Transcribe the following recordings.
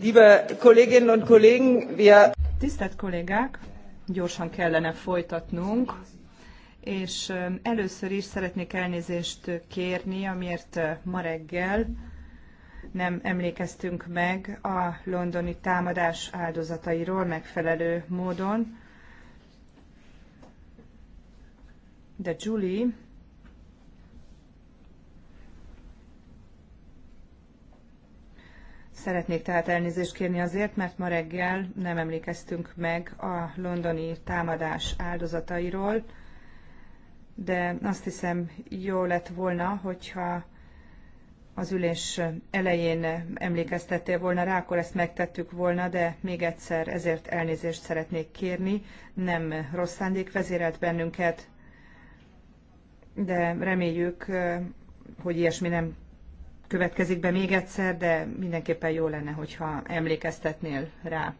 Liebe Kolleginnen und Kollegen, wir... Tisztelt kollégák, gyorsan kellene folytatnunk, és először is szeretnék elnézést kérni, amiért ma reggel nem emlékeztünk meg a londoni támadás áldozatairól megfelelő módon. De Julie Szeretnék tehát elnézést kérni azért, mert ma reggel nem emlékeztünk meg a londoni támadás áldozatairól, de azt hiszem jó lett volna, hogyha az ülés elején emlékeztettél volna rá, akkor ezt megtettük volna, de még egyszer ezért elnézést szeretnék kérni. Nem rossz szándék vezérelt bennünket, de reméljük, hogy ilyesmi nem következik be még egyszer, de mindenképpen jó lenne, hogyha emlékeztetnél rá.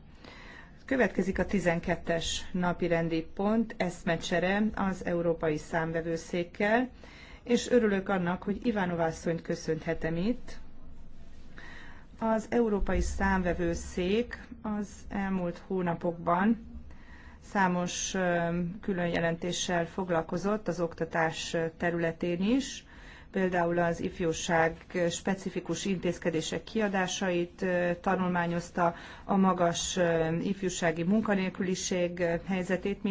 Következik a 12-es napi rendi pont, eszmecsere az Európai Számvevőszékkel, és örülök annak, hogy Ivánovászonyt köszönhetem itt. Az Európai Számvevőszék az elmúlt hónapokban számos külön jelentéssel foglalkozott az oktatás területén is, például az ifjúság specifikus intézkedések kiadásait tanulmányozta, a magas ifjúsági munkanélküliség helyzetét,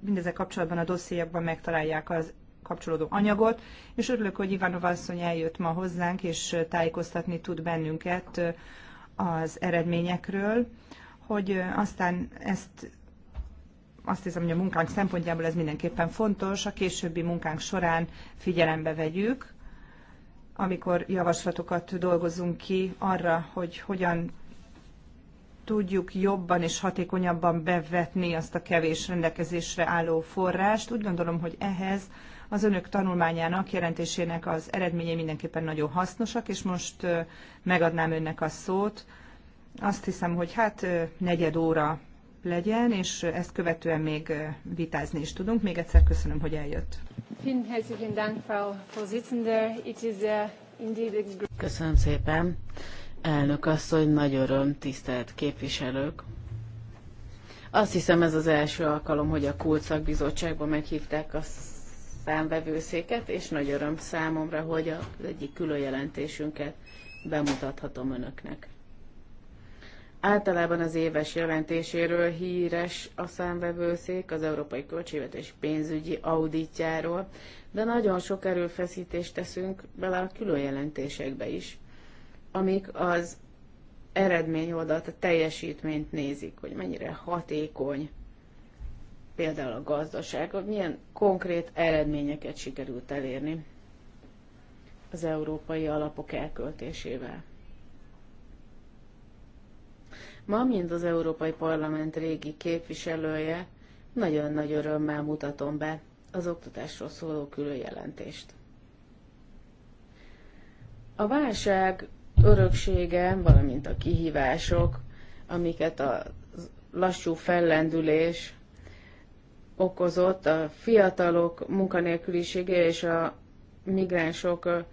mindezek kapcsolatban a dossziékban megtalálják az kapcsolódó anyagot, és örülök, hogy Ivanov asszony eljött ma hozzánk, és tájékoztatni tud bennünket az eredményekről, hogy aztán ezt azt hiszem, hogy a munkánk szempontjából ez mindenképpen fontos, a későbbi munkánk során figyelembe vegyük, amikor javaslatokat dolgozunk ki arra, hogy hogyan tudjuk jobban és hatékonyabban bevetni azt a kevés rendelkezésre álló forrást. Úgy gondolom, hogy ehhez az önök tanulmányának, jelentésének az eredményei mindenképpen nagyon hasznosak, és most megadnám önnek a szót. Azt hiszem, hogy hát negyed óra legyen, és ezt követően még vitázni is tudunk. Még egyszer köszönöm, hogy eljött. Äh, köszönöm szépen. Elnök asszony, nagy öröm, tisztelt képviselők. Azt hiszem ez az első alkalom, hogy a Kult szakbizottságba meghívták a számvevőszéket, és nagy öröm számomra, hogy az egyik külön jelentésünket bemutathatom önöknek. Általában az éves jelentéséről híres a számvevőszék az Európai Költségvetés pénzügyi auditjáról, de nagyon sok erőfeszítést teszünk bele a külön jelentésekbe is, amik az eredmény oldalt, a teljesítményt nézik, hogy mennyire hatékony például a gazdaság, hogy milyen konkrét eredményeket sikerült elérni az európai alapok elköltésével. Ma, mint az Európai Parlament régi képviselője, nagyon nagy örömmel mutatom be az oktatásról szóló különjelentést. A válság öröksége, valamint a kihívások, amiket a lassú fellendülés okozott, a fiatalok munkanélkülisége és a migránsok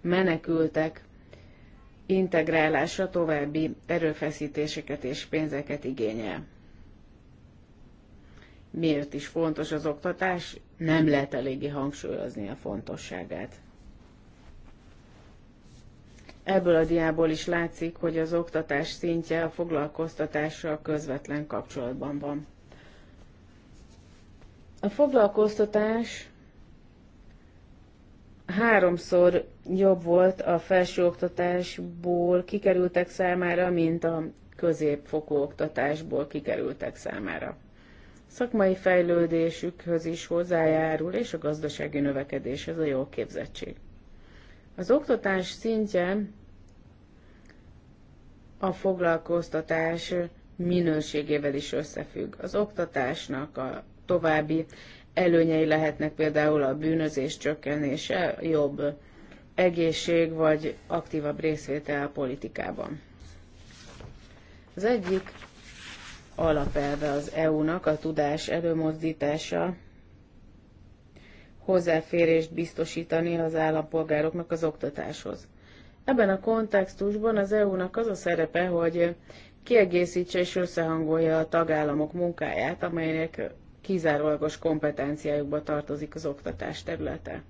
menekültek integrálása további erőfeszítéseket és pénzeket igényel. Miért is fontos az oktatás? Nem lehet eléggé hangsúlyozni a fontosságát. Ebből a diából is látszik, hogy az oktatás szintje a foglalkoztatással közvetlen kapcsolatban van. A foglalkoztatás háromszor jobb volt a felsőoktatásból kikerültek számára, mint a középfokú oktatásból kikerültek számára. Szakmai fejlődésükhöz is hozzájárul, és a gazdasági növekedéshez a jó képzettség. Az oktatás szintje a foglalkoztatás minőségével is összefügg. Az oktatásnak a további előnyei lehetnek például a bűnözés csökkenése, jobb egészség vagy aktívabb részvétel a politikában. Az egyik alapelve az EU-nak a tudás előmozdítása, hozzáférést biztosítani az állampolgároknak az oktatáshoz. Ebben a kontextusban az EU-nak az a szerepe, hogy kiegészítse és összehangolja a tagállamok munkáját, amelynek kizárólagos kompetenciájukba tartozik az oktatás területe.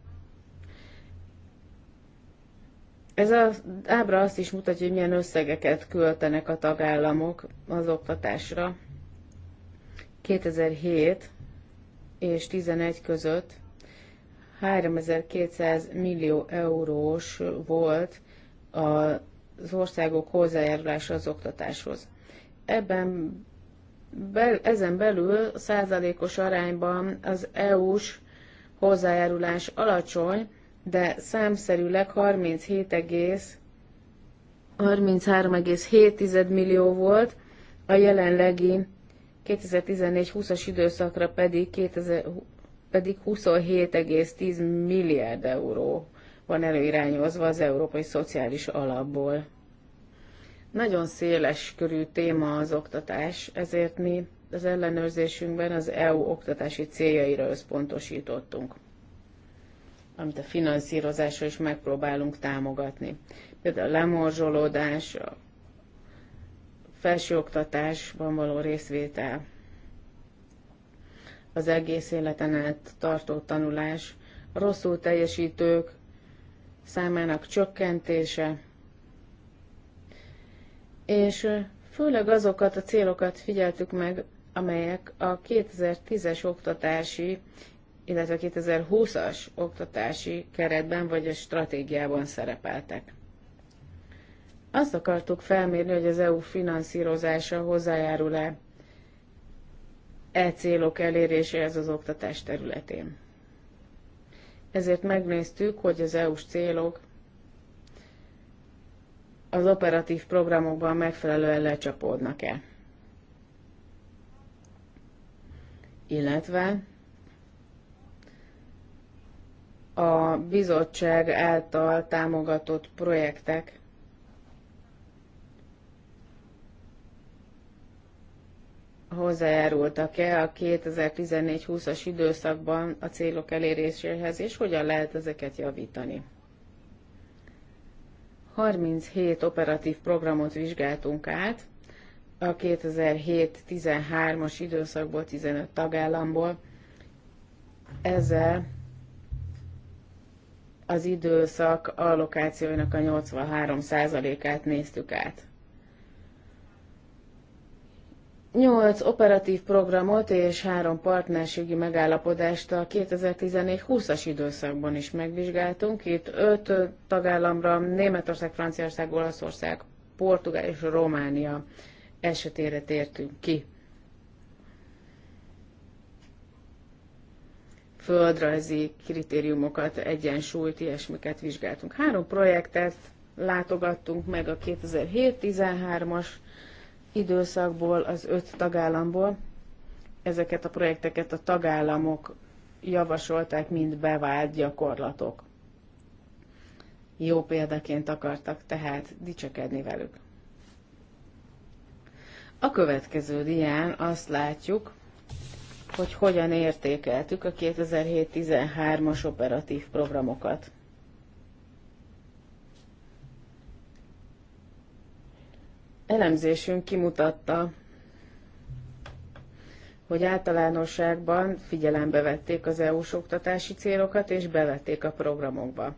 Ez az ábra azt is mutatja, hogy milyen összegeket költenek a tagállamok az oktatásra. 2007 és 11 között 3200 millió eurós volt az országok hozzájárulása az oktatáshoz. Ebben ezen belül százalékos arányban az EU-s hozzájárulás alacsony, de számszerűleg 37,7 millió volt, a jelenlegi 2014-20-as időszakra pedig, 2000, pedig 27,10 milliárd euró van előirányozva az Európai Szociális Alapból. Nagyon széles körű téma az oktatás, ezért mi az ellenőrzésünkben az EU oktatási céljaira összpontosítottunk amit a finanszírozásra is megpróbálunk támogatni. Például a lemorzsolódás, a felsőoktatásban való részvétel, az egész életen át tartó tanulás, a rosszul teljesítők számának csökkentése, és főleg azokat a célokat figyeltük meg, amelyek a 2010-es oktatási illetve 2020-as oktatási keretben vagy a stratégiában szerepeltek. Azt akartuk felmérni, hogy az EU finanszírozása hozzájárul-e e célok eléréséhez az oktatás területén. Ezért megnéztük, hogy az EU-s célok az operatív programokban megfelelően lecsapódnak-e. Illetve a bizottság által támogatott projektek hozzájárultak-e a 2014-20-as időszakban a célok eléréséhez, és hogyan lehet ezeket javítani. 37 operatív programot vizsgáltunk át, a 2007-13-as időszakból 15 tagállamból. Ezzel az időszak allokációinak a 83%-át néztük át. 8 operatív programot és 3 partnerségi megállapodást a 2014-20-as időszakban is megvizsgáltunk. Itt 5 tagállamra Németország, Franciaország, Olaszország, Portugál és Románia esetére tértünk ki. földrajzi kritériumokat, egyensúlyt, ilyesmiket vizsgáltunk. Három projektet látogattunk meg a 2007-13-as időszakból, az öt tagállamból. Ezeket a projekteket a tagállamok javasolták, mint bevált gyakorlatok. Jó példaként akartak tehát dicsekedni velük. A következő dián azt látjuk, hogy hogyan értékeltük a 2007-13-as operatív programokat. Elemzésünk kimutatta, hogy általánosságban figyelembe vették az EU-s oktatási célokat, és bevették a programokba.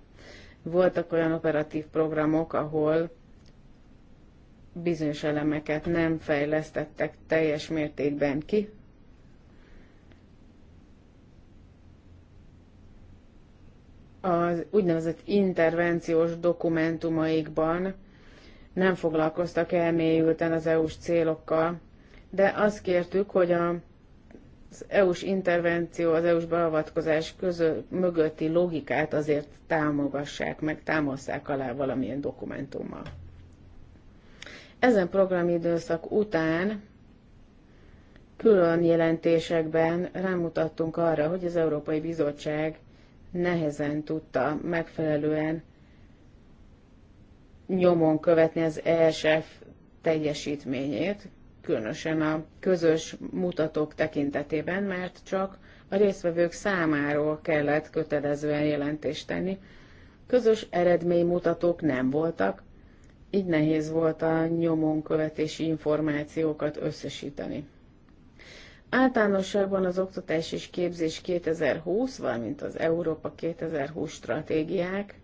Voltak olyan operatív programok, ahol bizonyos elemeket nem fejlesztettek teljes mértékben ki, az úgynevezett intervenciós dokumentumaikban nem foglalkoztak elmélyülten az EU-s célokkal, de azt kértük, hogy a, az EU-s intervenció, az EU-s beavatkozás közö, mögötti logikát azért támogassák, meg támaszták alá valamilyen dokumentummal. Ezen programidőszak után külön jelentésekben rámutattunk arra, hogy az Európai Bizottság nehezen tudta megfelelően nyomon követni az ESF teljesítményét, különösen a közös mutatók tekintetében, mert csak a résztvevők számáról kellett kötelezően jelentést tenni. Közös eredménymutatók nem voltak, így nehéz volt a nyomon követési információkat összesíteni. Általánosságban az oktatás és képzés 2020, valamint az Európa 2020 stratégiák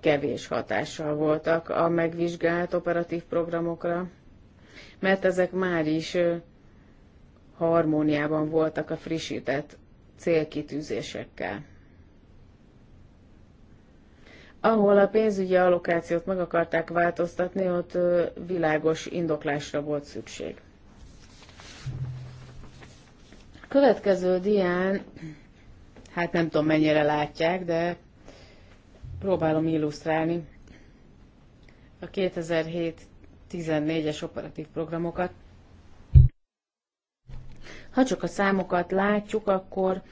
kevés hatással voltak a megvizsgált operatív programokra, mert ezek már is harmóniában voltak a frissített célkitűzésekkel. Ahol a pénzügyi allokációt meg akarták változtatni, ott világos indoklásra volt szükség következő dián, hát nem tudom mennyire látják, de próbálom illusztrálni a 2007-14-es operatív programokat. Ha csak a számokat látjuk, akkor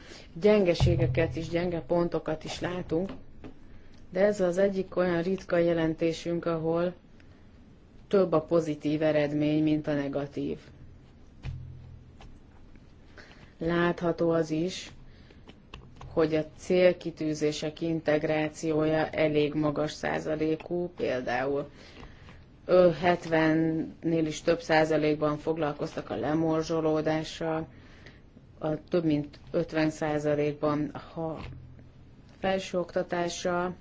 gyengeségeket is, gyenge pontokat is látunk, de ez az egyik olyan ritka jelentésünk, ahol több a pozitív eredmény, mint a negatív látható az is, hogy a célkitűzések integrációja elég magas százalékú, például 70-nél is több százalékban foglalkoztak a lemorzsolódással, a több mint 50 százalékban a felsőoktatással,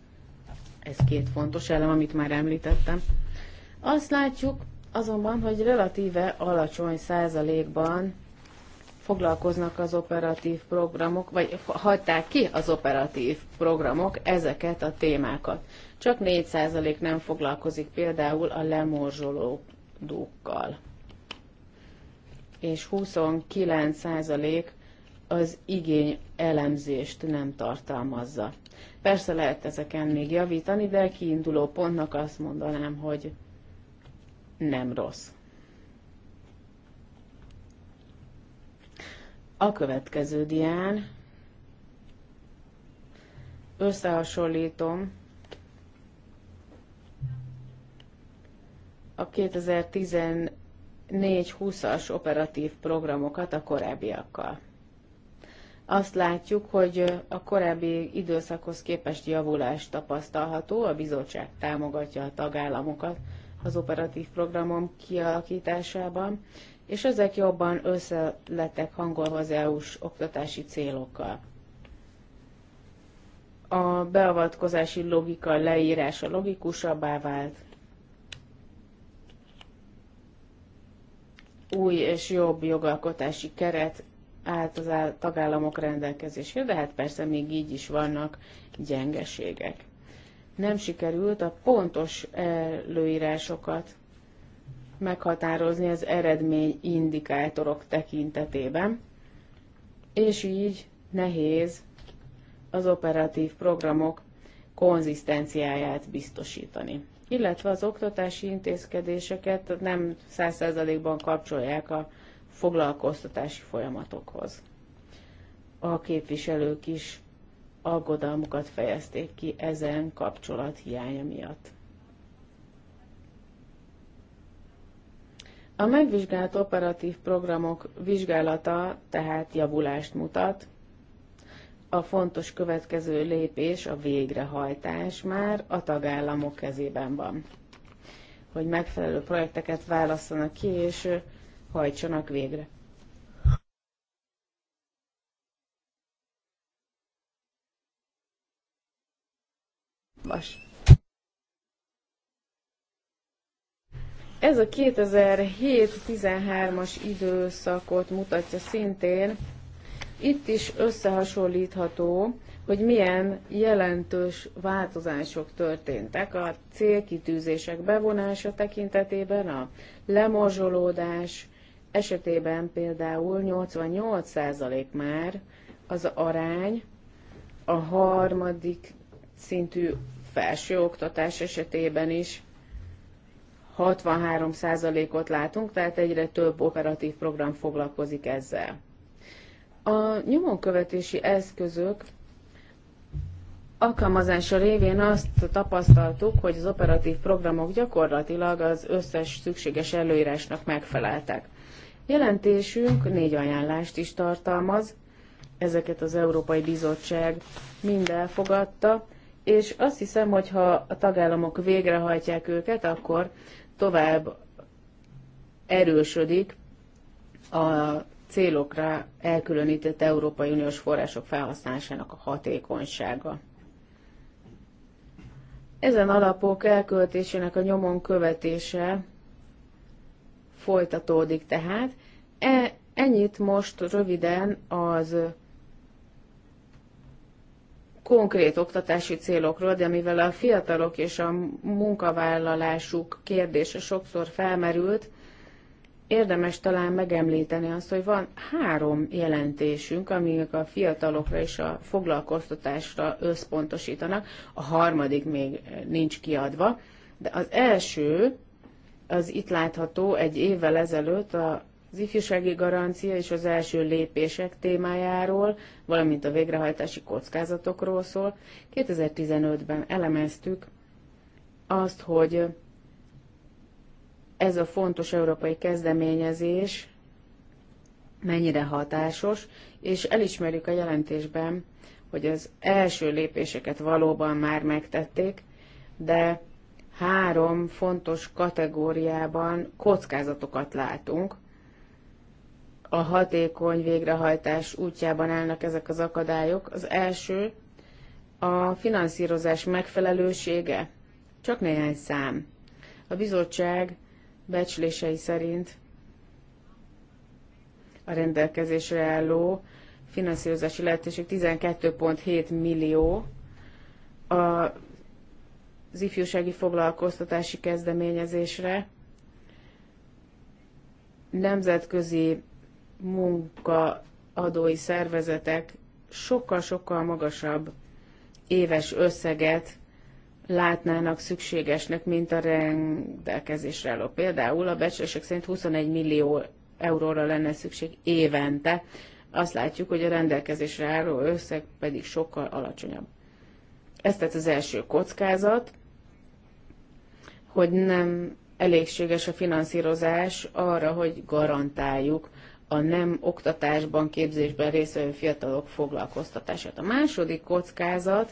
ez két fontos elem, amit már említettem. Azt látjuk azonban, hogy relatíve alacsony százalékban foglalkoznak az operatív programok, vagy hagyták ki az operatív programok ezeket a témákat. Csak 4% nem foglalkozik például a lemorzsolódókkal. És 29% az igény elemzést nem tartalmazza. Persze lehet ezeken még javítani, de kiinduló pontnak azt mondanám, hogy nem rossz. A következő dián összehasonlítom a 2014-20-as operatív programokat a korábbiakkal. Azt látjuk, hogy a korábbi időszakhoz képest javulás tapasztalható, a bizottság támogatja a tagállamokat az operatív programom kialakításában, és ezek jobban összelettek hangolva az EU-s oktatási célokkal. A beavatkozási logika leírása logikusabbá vált, új és jobb jogalkotási keret állt az áll, tagállamok rendelkezésére, de hát persze még így is vannak gyengeségek. Nem sikerült a pontos előírásokat meghatározni az eredmény indikátorok tekintetében, és így nehéz az operatív programok konzisztenciáját biztosítani. Illetve az oktatási intézkedéseket nem 100%-ban kapcsolják a foglalkoztatási folyamatokhoz. A képviselők is aggodalmukat fejezték ki ezen kapcsolat hiánya miatt. A megvizsgált operatív programok vizsgálata tehát javulást mutat. A fontos következő lépés, a végrehajtás már a tagállamok kezében van. Hogy megfelelő projekteket válasszanak ki és hajtsanak végre. Vas. Ez a 2007-13-as időszakot mutatja szintén. Itt is összehasonlítható, hogy milyen jelentős változások történtek a célkitűzések bevonása tekintetében, a lemorzsolódás esetében például 88% már az arány, a harmadik szintű felsőoktatás esetében is 63%-ot látunk, tehát egyre több operatív program foglalkozik ezzel. A nyomonkövetési eszközök alkalmazása révén azt tapasztaltuk, hogy az operatív programok gyakorlatilag az összes szükséges előírásnak megfeleltek. Jelentésünk négy ajánlást is tartalmaz, ezeket az Európai Bizottság mind elfogadta, és azt hiszem, hogy ha a tagállamok végrehajtják őket, akkor tovább erősödik a célokra elkülönített Európai Uniós források felhasználásának a hatékonysága. Ezen alapok elköltésének a nyomon követése folytatódik tehát. E, ennyit most röviden az konkrét oktatási célokról, de mivel a fiatalok és a munkavállalásuk kérdése sokszor felmerült, érdemes talán megemlíteni azt, hogy van három jelentésünk, amik a fiatalokra és a foglalkoztatásra összpontosítanak, a harmadik még nincs kiadva, de az első, az itt látható egy évvel ezelőtt a az ifjúsági garancia és az első lépések témájáról, valamint a végrehajtási kockázatokról szól. 2015-ben elemeztük azt, hogy ez a fontos európai kezdeményezés mennyire hatásos, és elismerjük a jelentésben, hogy az első lépéseket valóban már megtették, de három fontos kategóriában kockázatokat látunk – a hatékony végrehajtás útjában állnak ezek az akadályok. Az első a finanszírozás megfelelősége. Csak néhány szám. A bizottság becslései szerint a rendelkezésre álló finanszírozási lehetőség 12,7 millió, az ifjúsági foglalkoztatási kezdeményezésre, nemzetközi munkaadói szervezetek sokkal-sokkal magasabb éves összeget látnának szükségesnek, mint a rendelkezésre álló. Például a becslések szerint 21 millió euróra lenne szükség évente. Azt látjuk, hogy a rendelkezésre álló összeg pedig sokkal alacsonyabb. Ez tehát az első kockázat, hogy nem elégséges a finanszírozás arra, hogy garantáljuk a nem oktatásban, képzésben résztvevő fiatalok foglalkoztatását. A második kockázat,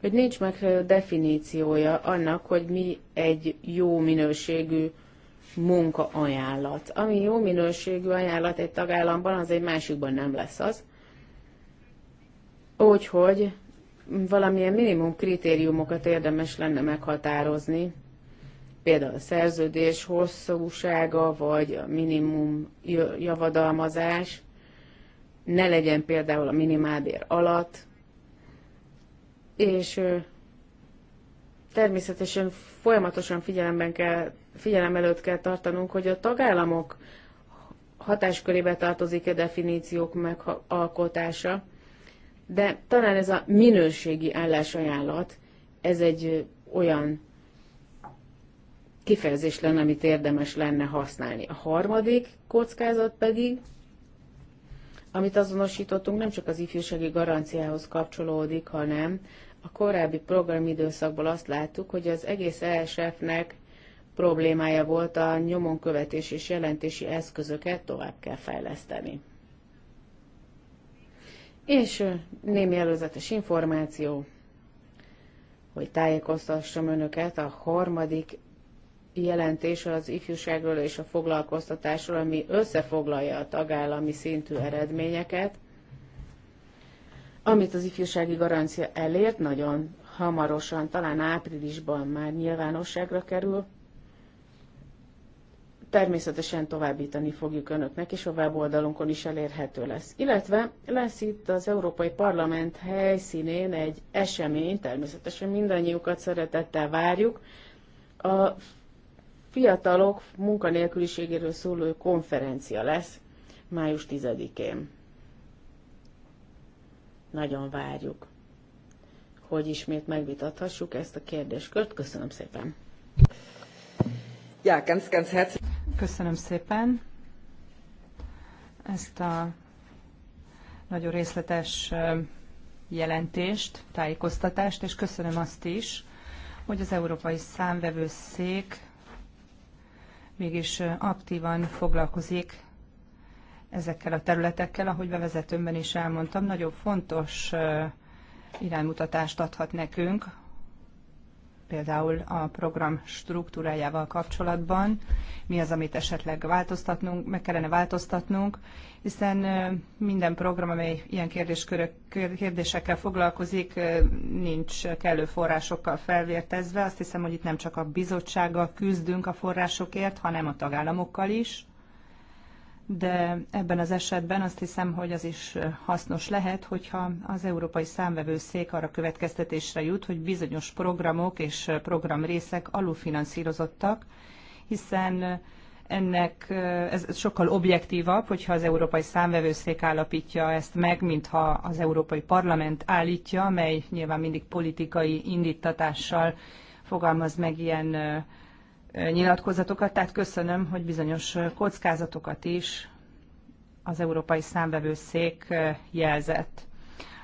hogy nincs megfelelő definíciója annak, hogy mi egy jó minőségű munkaajánlat. Ami jó minőségű ajánlat egy tagállamban, az egy másikban nem lesz az. Úgyhogy valamilyen minimum kritériumokat érdemes lenne meghatározni például a szerződés hosszúsága, vagy a minimum javadalmazás, ne legyen például a minimálbér alatt, és természetesen folyamatosan figyelemben kell, figyelem előtt kell tartanunk, hogy a tagállamok hatáskörébe tartozik a e definíciók megalkotása, de talán ez a minőségi állásajánlat, ez egy olyan kifejezés lenne, amit érdemes lenne használni. A harmadik kockázat pedig, amit azonosítottunk, nem csak az ifjúsági garanciához kapcsolódik, hanem a korábbi programidőszakból azt láttuk, hogy az egész ESF-nek problémája volt a nyomonkövetés és jelentési eszközöket tovább kell fejleszteni. És némi előzetes információ, hogy tájékoztassam önöket a harmadik jelentés az ifjúságról és a foglalkoztatásról, ami összefoglalja a tagállami szintű eredményeket, amit az ifjúsági garancia elért, nagyon hamarosan, talán áprilisban már nyilvánosságra kerül. Természetesen továbbítani fogjuk önöknek, és a weboldalunkon is elérhető lesz. Illetve lesz itt az Európai Parlament helyszínén egy esemény, természetesen mindannyiukat szeretettel várjuk, a fiatalok munkanélküliségéről szóló konferencia lesz május 10-én. Nagyon várjuk, hogy ismét megvitathassuk ezt a kérdéskört. Köszönöm szépen! Ja, ganz, ganz herzlich. Köszönöm szépen ezt a nagyon részletes jelentést, tájékoztatást, és köszönöm azt is, hogy az Európai Számvevőszék mégis aktívan foglalkozik ezekkel a területekkel, ahogy bevezetőmben is elmondtam, nagyon fontos iránymutatást adhat nekünk például a program struktúrájával kapcsolatban, mi az, amit esetleg változtatnunk, meg kellene változtatnunk, hiszen minden program, amely ilyen kérdéskörök, kérdésekkel foglalkozik, nincs kellő forrásokkal felvértezve. Azt hiszem, hogy itt nem csak a bizottsággal küzdünk a forrásokért, hanem a tagállamokkal is de ebben az esetben azt hiszem, hogy az is hasznos lehet, hogyha az Európai Számvevőszék arra következtetésre jut, hogy bizonyos programok és programrészek alulfinanszírozottak, hiszen ennek ez sokkal objektívabb, hogyha az Európai Számvevőszék állapítja ezt meg, mintha az Európai Parlament állítja, mely nyilván mindig politikai indítatással fogalmaz meg ilyen nyilatkozatokat, tehát köszönöm, hogy bizonyos kockázatokat is az Európai Számbevőszék jelzett.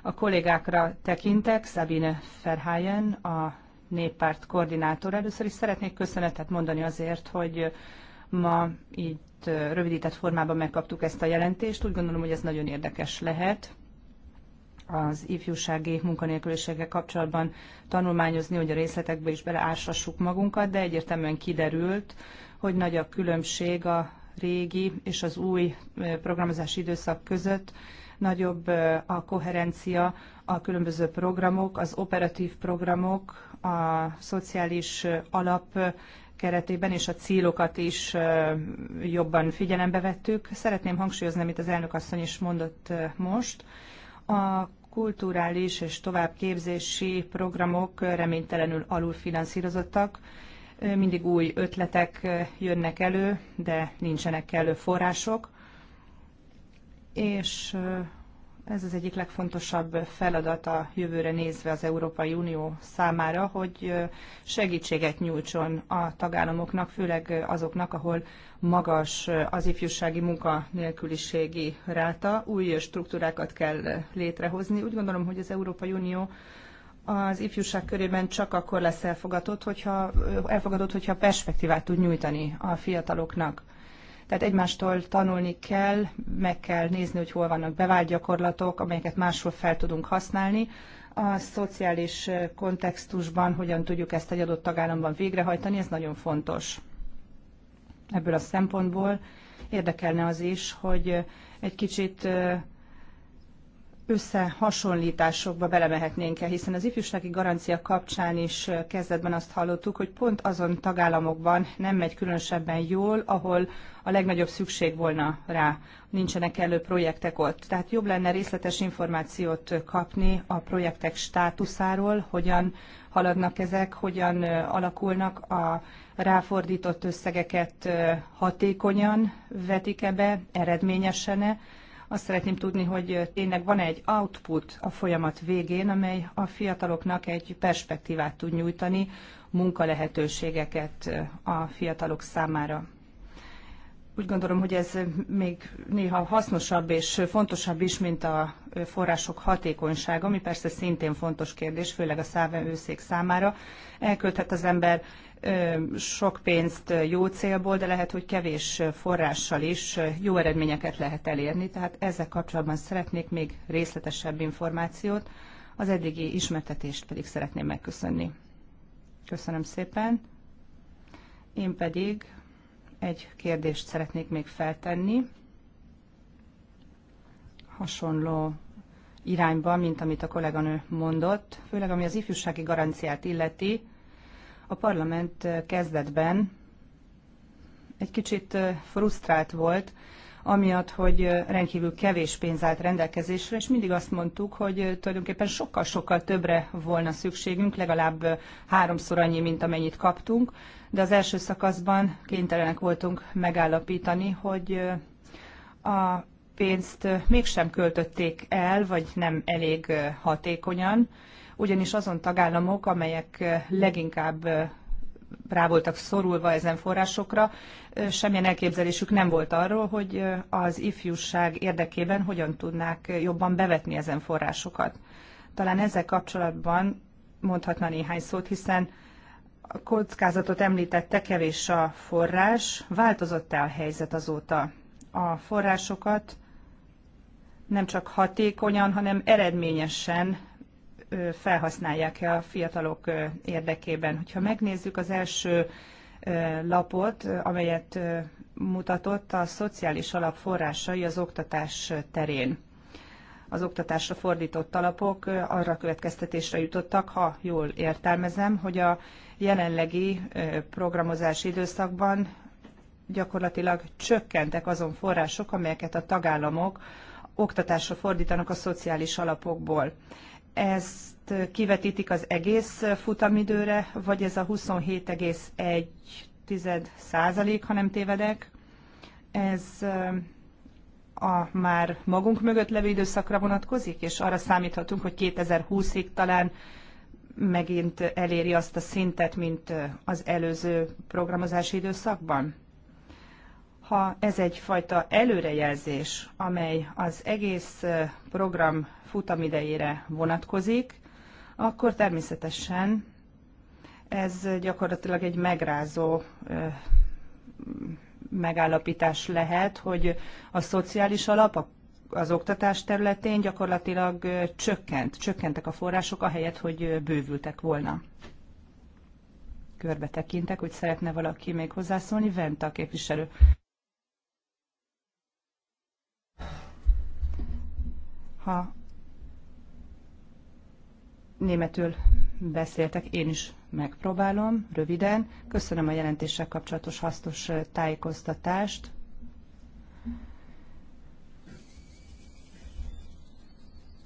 A kollégákra tekintek, Sabine Ferhájen, a néppárt koordinátor. Először is szeretnék köszönetet mondani azért, hogy ma így rövidített formában megkaptuk ezt a jelentést. Úgy gondolom, hogy ez nagyon érdekes lehet az ifjúsági munkanélküliséggel kapcsolatban tanulmányozni, hogy a részletekbe is beleásassuk magunkat, de egyértelműen kiderült, hogy nagy a különbség a régi és az új programozási időszak között, nagyobb a koherencia a különböző programok, az operatív programok, a szociális alap keretében és a célokat is jobban figyelembe vettük. Szeretném hangsúlyozni, amit az elnök asszony is mondott most. A kulturális és továbbképzési programok reménytelenül alulfinanszírozottak. Mindig új ötletek jönnek elő, de nincsenek kellő források. És ez az egyik legfontosabb feladat a jövőre nézve az Európai Unió számára, hogy segítséget nyújtson a tagállamoknak, főleg azoknak, ahol magas az ifjúsági munkanélküliségi ráta. Új struktúrákat kell létrehozni. Úgy gondolom, hogy az Európai Unió az ifjúság körében csak akkor lesz elfogadott, hogyha, elfogadott, hogyha perspektívát tud nyújtani a fiataloknak tehát egymástól tanulni kell, meg kell nézni, hogy hol vannak bevált gyakorlatok, amelyeket máshol fel tudunk használni, a szociális kontextusban hogyan tudjuk ezt egy adott tagállamban végrehajtani, ez nagyon fontos. Ebből a szempontból érdekelne az is, hogy egy kicsit összehasonlításokba belemehetnénk-e, hiszen az ifjúsági garancia kapcsán is kezdetben azt hallottuk, hogy pont azon tagállamokban nem megy különösebben jól, ahol a legnagyobb szükség volna rá, nincsenek elő projektek ott. Tehát jobb lenne részletes információt kapni a projektek státuszáról, hogyan haladnak ezek, hogyan alakulnak a ráfordított összegeket hatékonyan vetik-e be, eredményesen-e, azt szeretném tudni, hogy tényleg van -e egy output a folyamat végén, amely a fiataloknak egy perspektívát tud nyújtani, munkalehetőségeket a fiatalok számára. Úgy gondolom, hogy ez még néha hasznosabb és fontosabb is, mint a források hatékonysága, ami persze szintén fontos kérdés, főleg a őszék számára. Elkölthet az ember sok pénzt jó célból, de lehet, hogy kevés forrással is jó eredményeket lehet elérni, tehát ezzel kapcsolatban szeretnék még részletesebb információt, az eddigi ismertetést pedig szeretném megköszönni. Köszönöm szépen. Én pedig egy kérdést szeretnék még feltenni, hasonló irányban, mint amit a kolléganő mondott, főleg ami az ifjúsági garanciát illeti, a parlament eh, kezdetben egy kicsit eh, frusztrált volt, amiatt, hogy eh, rendkívül kevés pénz állt rendelkezésre, és mindig azt mondtuk, hogy tulajdonképpen sokkal-sokkal többre volna szükségünk, legalább háromszor annyi, mint amennyit kaptunk, de az első szakaszban kénytelenek voltunk megállapítani, hogy a pénzt mégsem költötték el, vagy nem elég hatékonyan, ugyanis azon tagállamok, amelyek leginkább rá voltak szorulva ezen forrásokra, semmilyen elképzelésük nem volt arról, hogy az ifjúság érdekében hogyan tudnák jobban bevetni ezen forrásokat. Talán ezzel kapcsolatban mondhatna néhány szót, hiszen a kockázatot említette, kevés a forrás, változott el a helyzet azóta. A forrásokat nem csak hatékonyan, hanem eredményesen felhasználják-e a fiatalok érdekében. Hogyha megnézzük az első lapot, amelyet mutatott a szociális alap forrásai az oktatás terén. Az oktatásra fordított alapok arra következtetésre jutottak, ha jól értelmezem, hogy a jelenlegi programozási időszakban gyakorlatilag csökkentek azon források, amelyeket a tagállamok oktatásra fordítanak a szociális alapokból ezt kivetítik az egész futamidőre, vagy ez a 27,1 százalék, ha nem tévedek. Ez a már magunk mögött levő időszakra vonatkozik, és arra számíthatunk, hogy 2020-ig talán megint eléri azt a szintet, mint az előző programozási időszakban? ha ez egyfajta előrejelzés, amely az egész program futamidejére vonatkozik, akkor természetesen ez gyakorlatilag egy megrázó megállapítás lehet, hogy a szociális alap az oktatás területén gyakorlatilag csökkent, csökkentek a források, a helyet, hogy bővültek volna. Körbe tekintek, hogy szeretne valaki még hozzászólni. Venta képviselő. ha németül beszéltek, én is megpróbálom, röviden. Köszönöm a jelentéssel kapcsolatos hasznos tájékoztatást.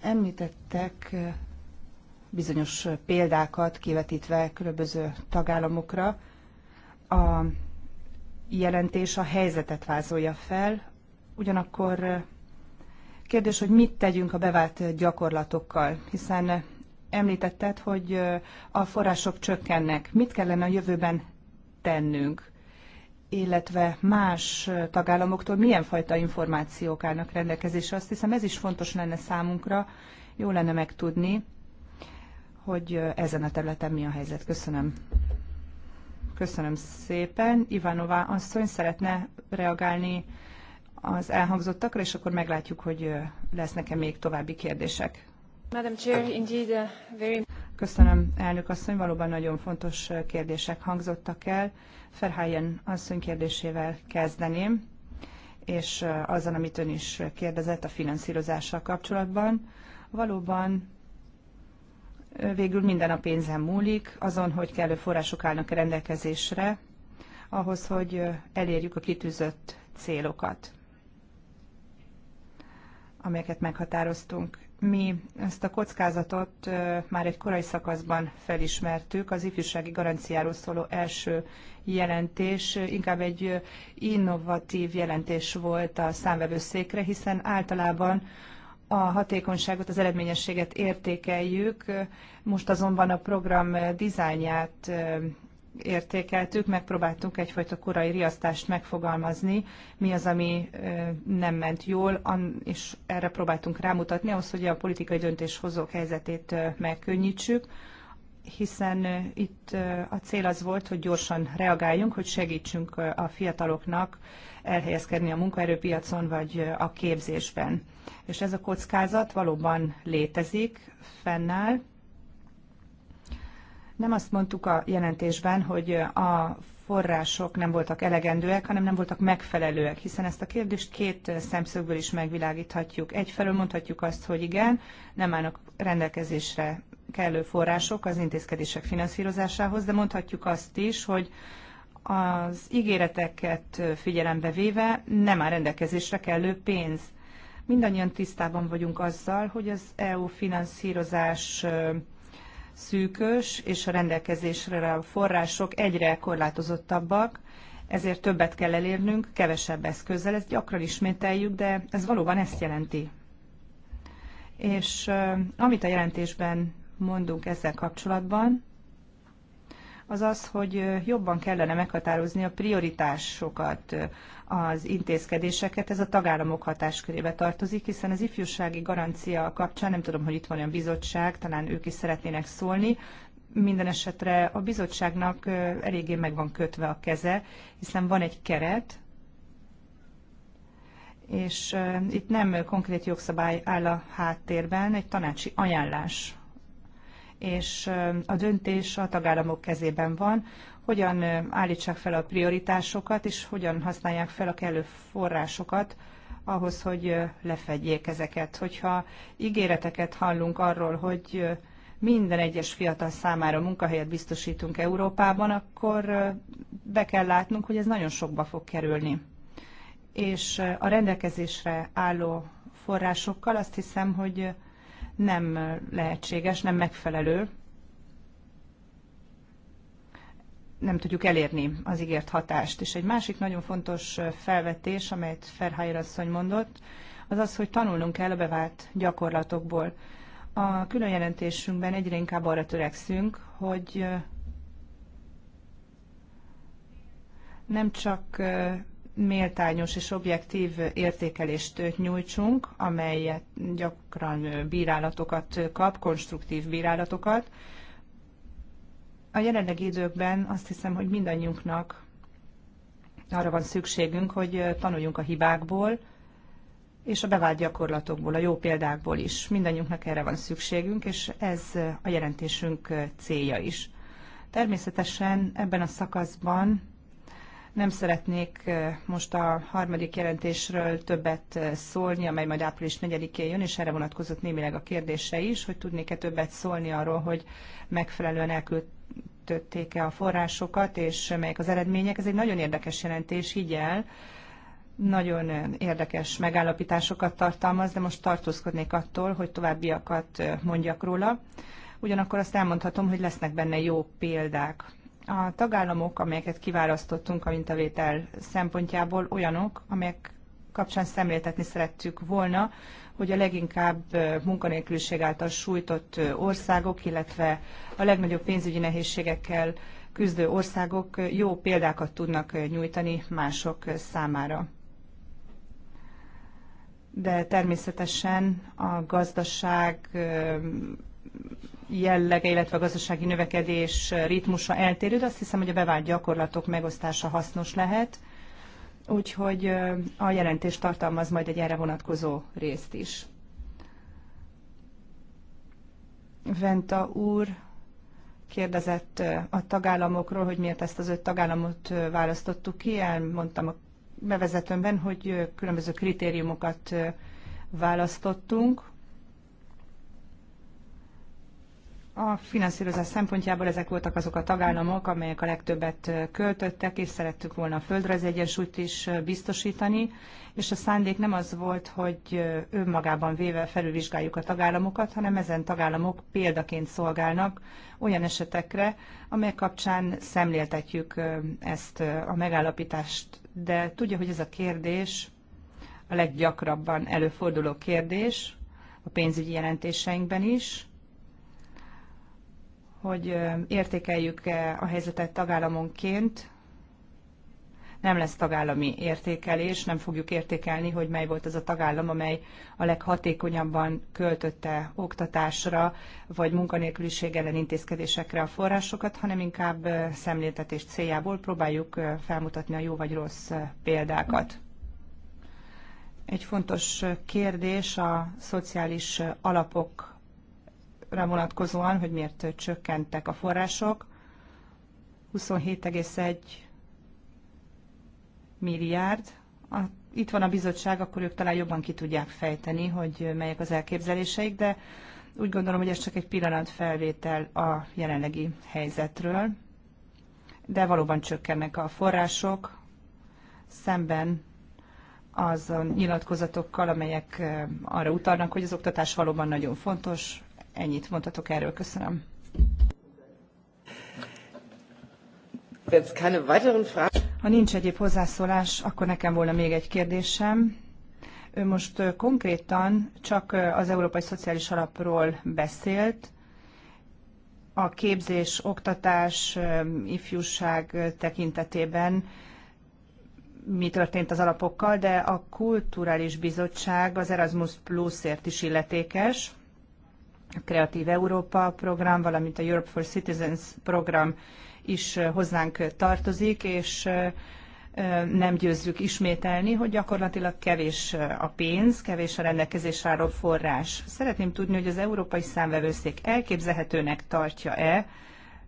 Említettek bizonyos példákat kivetítve különböző tagállamokra. A jelentés a helyzetet vázolja fel, ugyanakkor Kérdés, hogy mit tegyünk a bevált gyakorlatokkal, hiszen említetted, hogy a források csökkennek. Mit kellene a jövőben tennünk? illetve más tagállamoktól milyen fajta információk állnak rendelkezésre. Azt hiszem ez is fontos lenne számunkra, jó lenne megtudni, hogy ezen a területen mi a helyzet. Köszönöm. Köszönöm szépen. Ivanová asszony szeretne reagálni az elhangzottakra, és akkor meglátjuk, hogy lesznek-e még további kérdések. Madam Chair, indeed, uh, very... Köszönöm, elnök asszony, valóban nagyon fontos kérdések hangzottak el. Ferhelyen asszony kérdésével kezdeném, és azzal, amit ön is kérdezett a finanszírozással kapcsolatban. Valóban végül minden a pénzen múlik, azon, hogy kellő források állnak rendelkezésre, ahhoz, hogy elérjük a kitűzött célokat amelyeket meghatároztunk. Mi ezt a kockázatot már egy korai szakaszban felismertük, az ifjúsági garanciáról szóló első jelentés inkább egy innovatív jelentés volt a számvevőszékre, hiszen általában a hatékonyságot, az eredményességet értékeljük, most azonban a program dizájnját értékeltük, megpróbáltunk egyfajta korai riasztást megfogalmazni, mi az, ami nem ment jól, és erre próbáltunk rámutatni, ahhoz, hogy a politikai döntéshozók helyzetét megkönnyítsük, hiszen itt a cél az volt, hogy gyorsan reagáljunk, hogy segítsünk a fiataloknak elhelyezkedni a munkaerőpiacon vagy a képzésben. És ez a kockázat valóban létezik, fennáll, nem azt mondtuk a jelentésben, hogy a források nem voltak elegendőek, hanem nem voltak megfelelőek, hiszen ezt a kérdést két szemszögből is megvilágíthatjuk. Egyfelől mondhatjuk azt, hogy igen, nem állnak rendelkezésre kellő források az intézkedések finanszírozásához, de mondhatjuk azt is, hogy az ígéreteket figyelembe véve nem áll rendelkezésre kellő pénz. Mindannyian tisztában vagyunk azzal, hogy az EU finanszírozás szűkös, és a rendelkezésre a források egyre korlátozottabbak, ezért többet kell elérnünk, kevesebb eszközzel. Ezt gyakran ismételjük, de ez valóban ezt jelenti. És amit a jelentésben mondunk ezzel kapcsolatban, az az, hogy jobban kellene meghatározni a prioritásokat, az intézkedéseket, ez a tagállamok hatáskörébe tartozik, hiszen az ifjúsági garancia kapcsán nem tudom, hogy itt van olyan bizottság, talán ők is szeretnének szólni, minden esetre a bizottságnak eléggé meg van kötve a keze, hiszen van egy keret, és itt nem konkrét jogszabály áll a háttérben, egy tanácsi ajánlás és a döntés a tagállamok kezében van hogyan állítsák fel a prioritásokat, és hogyan használják fel a kellő forrásokat ahhoz, hogy lefedjék ezeket. Hogyha ígéreteket hallunk arról, hogy minden egyes fiatal számára munkahelyet biztosítunk Európában, akkor be kell látnunk, hogy ez nagyon sokba fog kerülni. És a rendelkezésre álló forrásokkal azt hiszem, hogy nem lehetséges, nem megfelelő nem tudjuk elérni az ígért hatást. És egy másik nagyon fontos felvetés, amelyet Ferhájer asszony mondott, az az, hogy tanulnunk kell a bevált gyakorlatokból. A külön jelentésünkben egyre inkább arra törekszünk, hogy nem csak méltányos és objektív értékelést nyújtsunk, amelyet gyakran bírálatokat kap, konstruktív bírálatokat, a jelenlegi időkben azt hiszem, hogy mindannyiunknak arra van szükségünk, hogy tanuljunk a hibákból, és a bevált gyakorlatokból, a jó példákból is. Mindannyiunknak erre van szükségünk, és ez a jelentésünk célja is. Természetesen ebben a szakaszban nem szeretnék most a harmadik jelentésről többet szólni, amely majd április 4-én jön, és erre vonatkozott némileg a kérdése is, hogy tudnék-e többet szólni arról, hogy megfelelően elküldtötték-e a forrásokat, és melyek az eredmények. Ez egy nagyon érdekes jelentés, így el. Nagyon érdekes megállapításokat tartalmaz, de most tartózkodnék attól, hogy továbbiakat mondjak róla. Ugyanakkor azt elmondhatom, hogy lesznek benne jó példák a tagállamok, amelyeket kiválasztottunk a mintavétel szempontjából, olyanok, amelyek kapcsán szemléltetni szerettük volna, hogy a leginkább munkanélküliség által sújtott országok, illetve a legnagyobb pénzügyi nehézségekkel küzdő országok jó példákat tudnak nyújtani mások számára. De természetesen a gazdaság jellege, illetve a gazdasági növekedés ritmusa eltérő, de azt hiszem, hogy a bevált gyakorlatok megosztása hasznos lehet, úgyhogy a jelentés tartalmaz majd egy erre vonatkozó részt is. Venta úr kérdezett a tagállamokról, hogy miért ezt az öt tagállamot választottuk ki. Elmondtam a bevezetőmben, hogy különböző kritériumokat választottunk, A finanszírozás szempontjából ezek voltak azok a tagállamok, amelyek a legtöbbet költöttek, és szerettük volna a földrajzi egyensúlyt is biztosítani, és a szándék nem az volt, hogy önmagában véve felülvizsgáljuk a tagállamokat, hanem ezen tagállamok példaként szolgálnak olyan esetekre, amelyek kapcsán szemléltetjük ezt a megállapítást. De tudja, hogy ez a kérdés a leggyakrabban előforduló kérdés a pénzügyi jelentéseinkben is, hogy értékeljük -e a helyzetet tagállamonként. Nem lesz tagállami értékelés, nem fogjuk értékelni, hogy mely volt az a tagállam, amely a leghatékonyabban költötte oktatásra vagy munkanélküliség ellen intézkedésekre a forrásokat, hanem inkább szemléltetés céljából próbáljuk felmutatni a jó vagy rossz példákat. Egy fontos kérdés a szociális alapok rá vonatkozóan, hogy miért csökkentek a források. 27,1 milliárd. A, itt van a bizottság, akkor ők talán jobban ki tudják fejteni, hogy melyek az elképzeléseik, de úgy gondolom, hogy ez csak egy pillanat felvétel a jelenlegi helyzetről. De valóban csökkennek a források, szemben a nyilatkozatokkal, amelyek eh, arra utalnak, hogy az oktatás valóban nagyon fontos, Ennyit mondhatok erről, köszönöm. Ha nincs egyéb hozzászólás, akkor nekem volna még egy kérdésem. Ő most konkrétan csak az Európai Szociális Alapról beszélt, a képzés, oktatás, ifjúság tekintetében mi történt az alapokkal, de a Kulturális Bizottság az Erasmus Plusért is illetékes, Kreatív Európa program, valamint a Europe for Citizens program is hozzánk tartozik, és nem győzzük ismételni, hogy gyakorlatilag kevés a pénz, kevés a rendelkezés álló forrás. Szeretném tudni, hogy az Európai Számvevőszék elképzelhetőnek tartja-e,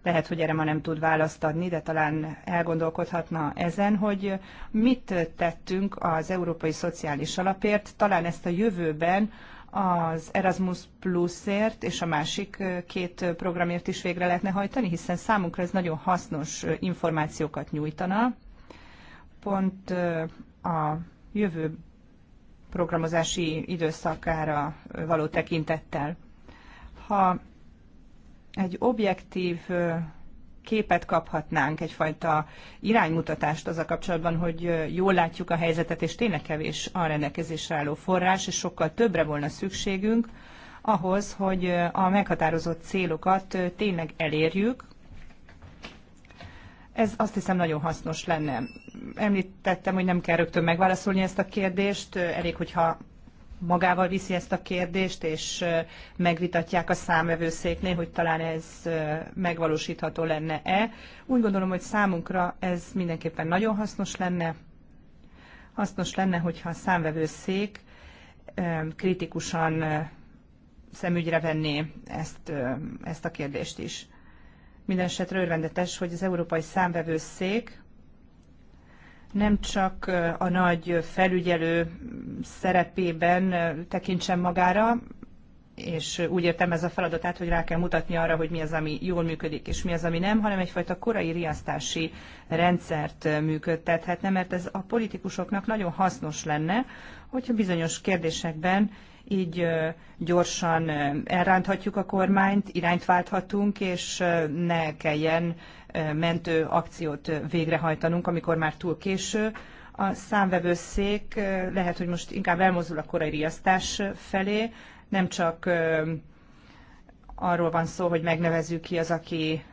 lehet, hogy erre ma nem tud választ adni, de talán elgondolkodhatna ezen, hogy mit tettünk az Európai Szociális Alapért, talán ezt a jövőben az Erasmus Plusért és a másik két programért is végre lehetne hajtani, hiszen számunkra ez nagyon hasznos információkat nyújtana. Pont a jövő programozási időszakára való tekintettel. Ha egy objektív képet kaphatnánk, egyfajta iránymutatást az a kapcsolatban, hogy jól látjuk a helyzetet, és tényleg kevés a rendelkezésre álló forrás, és sokkal többre volna szükségünk ahhoz, hogy a meghatározott célokat tényleg elérjük. Ez azt hiszem nagyon hasznos lenne. Említettem, hogy nem kell rögtön megválaszolni ezt a kérdést, elég, hogyha magával viszi ezt a kérdést, és megvitatják a számvevőszéknél, hogy talán ez megvalósítható lenne-e. Úgy gondolom, hogy számunkra ez mindenképpen nagyon hasznos lenne. Hasznos lenne, hogyha a számvevőszék kritikusan szemügyre venné ezt, ezt a kérdést is. Mindenesetre örvendetes, hogy az Európai Számvevőszék nem csak a nagy felügyelő szerepében tekintsen magára, és úgy értem ez a feladatát, hogy rá kell mutatni arra, hogy mi az, ami jól működik, és mi az, ami nem, hanem egyfajta korai riasztási rendszert működtethetne, mert ez a politikusoknak nagyon hasznos lenne, hogyha bizonyos kérdésekben így gyorsan elránthatjuk a kormányt, irányt válthatunk, és ne kelljen mentő akciót végrehajtanunk, amikor már túl késő. A számvevőszék lehet, hogy most inkább elmozdul a korai riasztás felé, nem csak arról van szó, hogy megnevezzük ki az, aki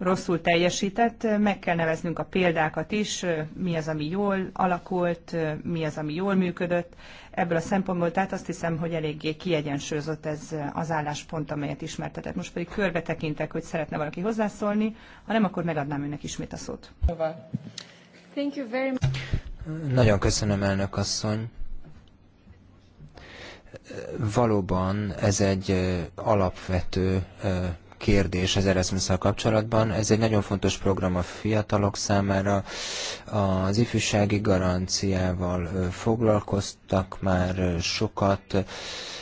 rosszul teljesített, meg kell neveznünk a példákat is, mi az, ami jól alakult, mi az, ami jól működött. Ebből a szempontból tehát azt hiszem, hogy eléggé kiegyensúlyozott ez az álláspont, amelyet ismertetett. Most pedig körbe tekintek, hogy szeretne valaki hozzászólni, ha nem, akkor megadnám önnek ismét a szót. Thank you very much. Nagyon köszönöm, elnök asszony. Valóban ez egy alapvető kérdés az erasmus kapcsolatban. Ez egy nagyon fontos program a fiatalok számára. Az ifjúsági garanciával foglalkoztak már sokat,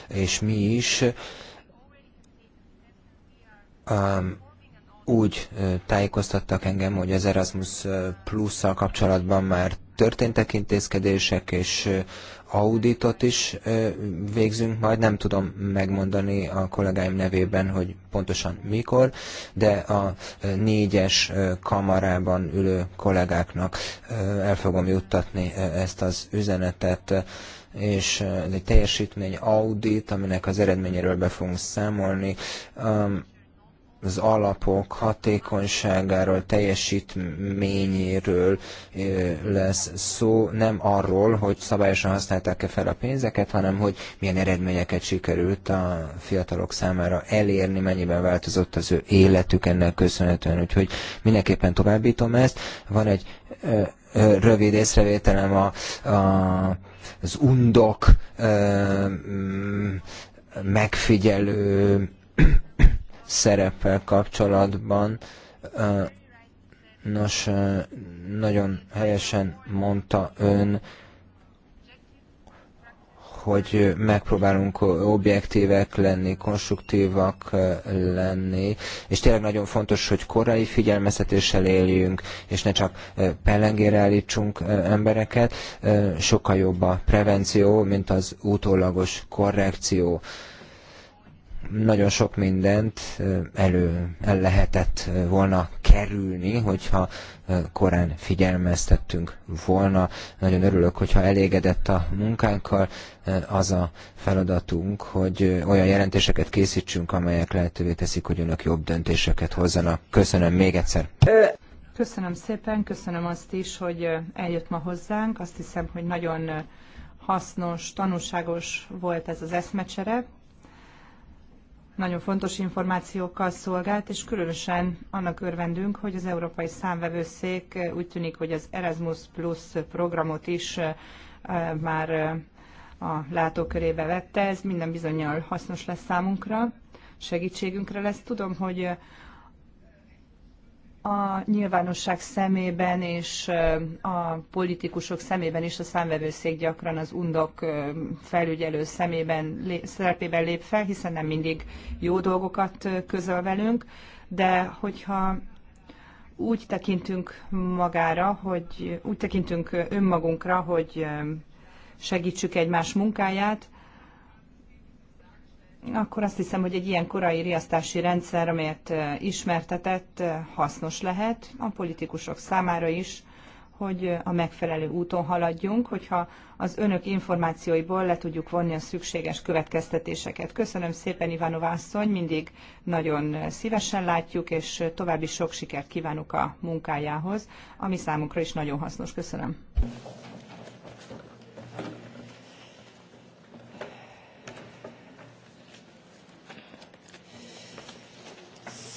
és mi is úgy tájékoztattak engem, hogy az Erasmus plus kapcsolatban már történtek intézkedések, és auditot is végzünk, majd nem tudom megmondani a kollégáim nevében, hogy pontosan mikor, de a négyes kamarában ülő kollégáknak el fogom juttatni ezt az üzenetet, és egy teljesítmény audit, aminek az eredményéről be fogunk számolni az alapok hatékonyságáról, teljesítményéről lesz szó, nem arról, hogy szabályosan használták-e fel a pénzeket, hanem hogy milyen eredményeket sikerült a fiatalok számára elérni, mennyiben változott az ő életük ennek köszönhetően. Úgyhogy mindenképpen továbbítom ezt. Van egy rövid észrevételem a, a, az undok megfigyelő szereppel kapcsolatban. Nos, nagyon helyesen mondta ön, hogy megpróbálunk objektívek lenni, konstruktívak lenni, és tényleg nagyon fontos, hogy korai figyelmeztetéssel éljünk, és ne csak pellengére állítsunk embereket, sokkal jobb a prevenció, mint az utólagos korrekció nagyon sok mindent elő el lehetett volna kerülni, hogyha korán figyelmeztettünk volna. Nagyon örülök, hogyha elégedett a munkánkkal. Az a feladatunk, hogy olyan jelentéseket készítsünk, amelyek lehetővé teszik, hogy önök jobb döntéseket hozzanak. Köszönöm még egyszer. Köszönöm szépen, köszönöm azt is, hogy eljött ma hozzánk. Azt hiszem, hogy nagyon hasznos, tanulságos volt ez az eszmecsere nagyon fontos információkkal szolgált, és különösen annak örvendünk, hogy az Európai Számvevőszék eh, úgy tűnik, hogy az Erasmus Plus programot is eh, eh, már a látókörébe vette. Ez minden bizonyal hasznos lesz számunkra, segítségünkre lesz. Tudom, hogy a nyilvánosság szemében és a politikusok szemében is a számvevőszék gyakran az undok felügyelő szemében, szerepében lép fel, hiszen nem mindig jó dolgokat közöl velünk, de hogyha úgy tekintünk magára, hogy úgy tekintünk önmagunkra, hogy segítsük egymás munkáját, akkor azt hiszem, hogy egy ilyen korai riasztási rendszer, amelyet ismertetett, hasznos lehet a politikusok számára is, hogy a megfelelő úton haladjunk, hogyha az önök információiból le tudjuk vonni a szükséges következtetéseket. Köszönöm szépen, Ivanov asszony, mindig nagyon szívesen látjuk, és további sok sikert kívánok a munkájához, ami számunkra is nagyon hasznos. Köszönöm.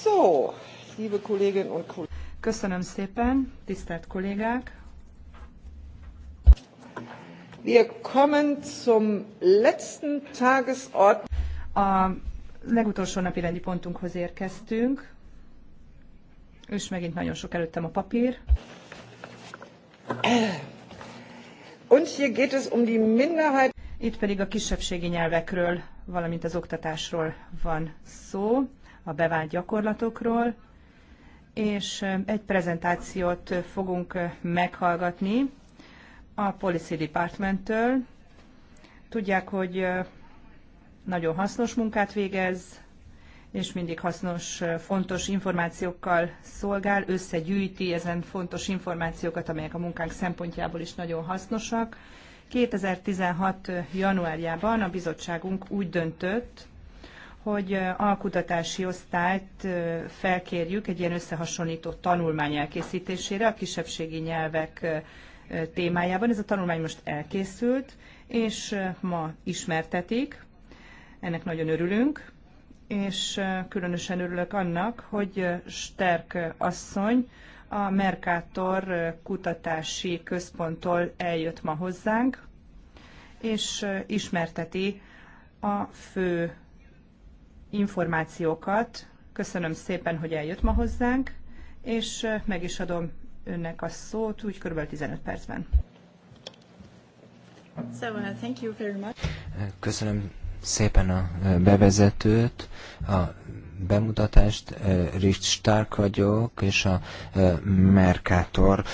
So, liebe Kolleginnen und Kollegen. Köszönöm szépen, tisztelt kollégák! Wir kommen zum letzten Tagesordnung. A legutolsó napi rendi pontunkhoz érkeztünk, és megint nagyon sok előttem a papír. Und hier geht es um die Minderheit. Itt pedig a kisebbségi nyelvekről, valamint az oktatásról van szó a bevált gyakorlatokról, és egy prezentációt fogunk meghallgatni a Policy Department-től. Tudják, hogy nagyon hasznos munkát végez, és mindig hasznos, fontos információkkal szolgál, összegyűjti ezen fontos információkat, amelyek a munkánk szempontjából is nagyon hasznosak. 2016. januárjában a bizottságunk úgy döntött, hogy a kutatási osztályt felkérjük egy ilyen összehasonlító tanulmány elkészítésére a kisebbségi nyelvek témájában. Ez a tanulmány most elkészült, és ma ismertetik. Ennek nagyon örülünk, és különösen örülök annak, hogy Sterk asszony a Mercator kutatási központtól eljött ma hozzánk, és ismerteti a fő információkat. Köszönöm szépen, hogy eljött ma hozzánk, és meg is adom önnek a szót, úgy kb. 15 percben. Uh, Köszönöm szépen a bevezetőt. A bemutatást. Rich Stark vagyok, és a Mercator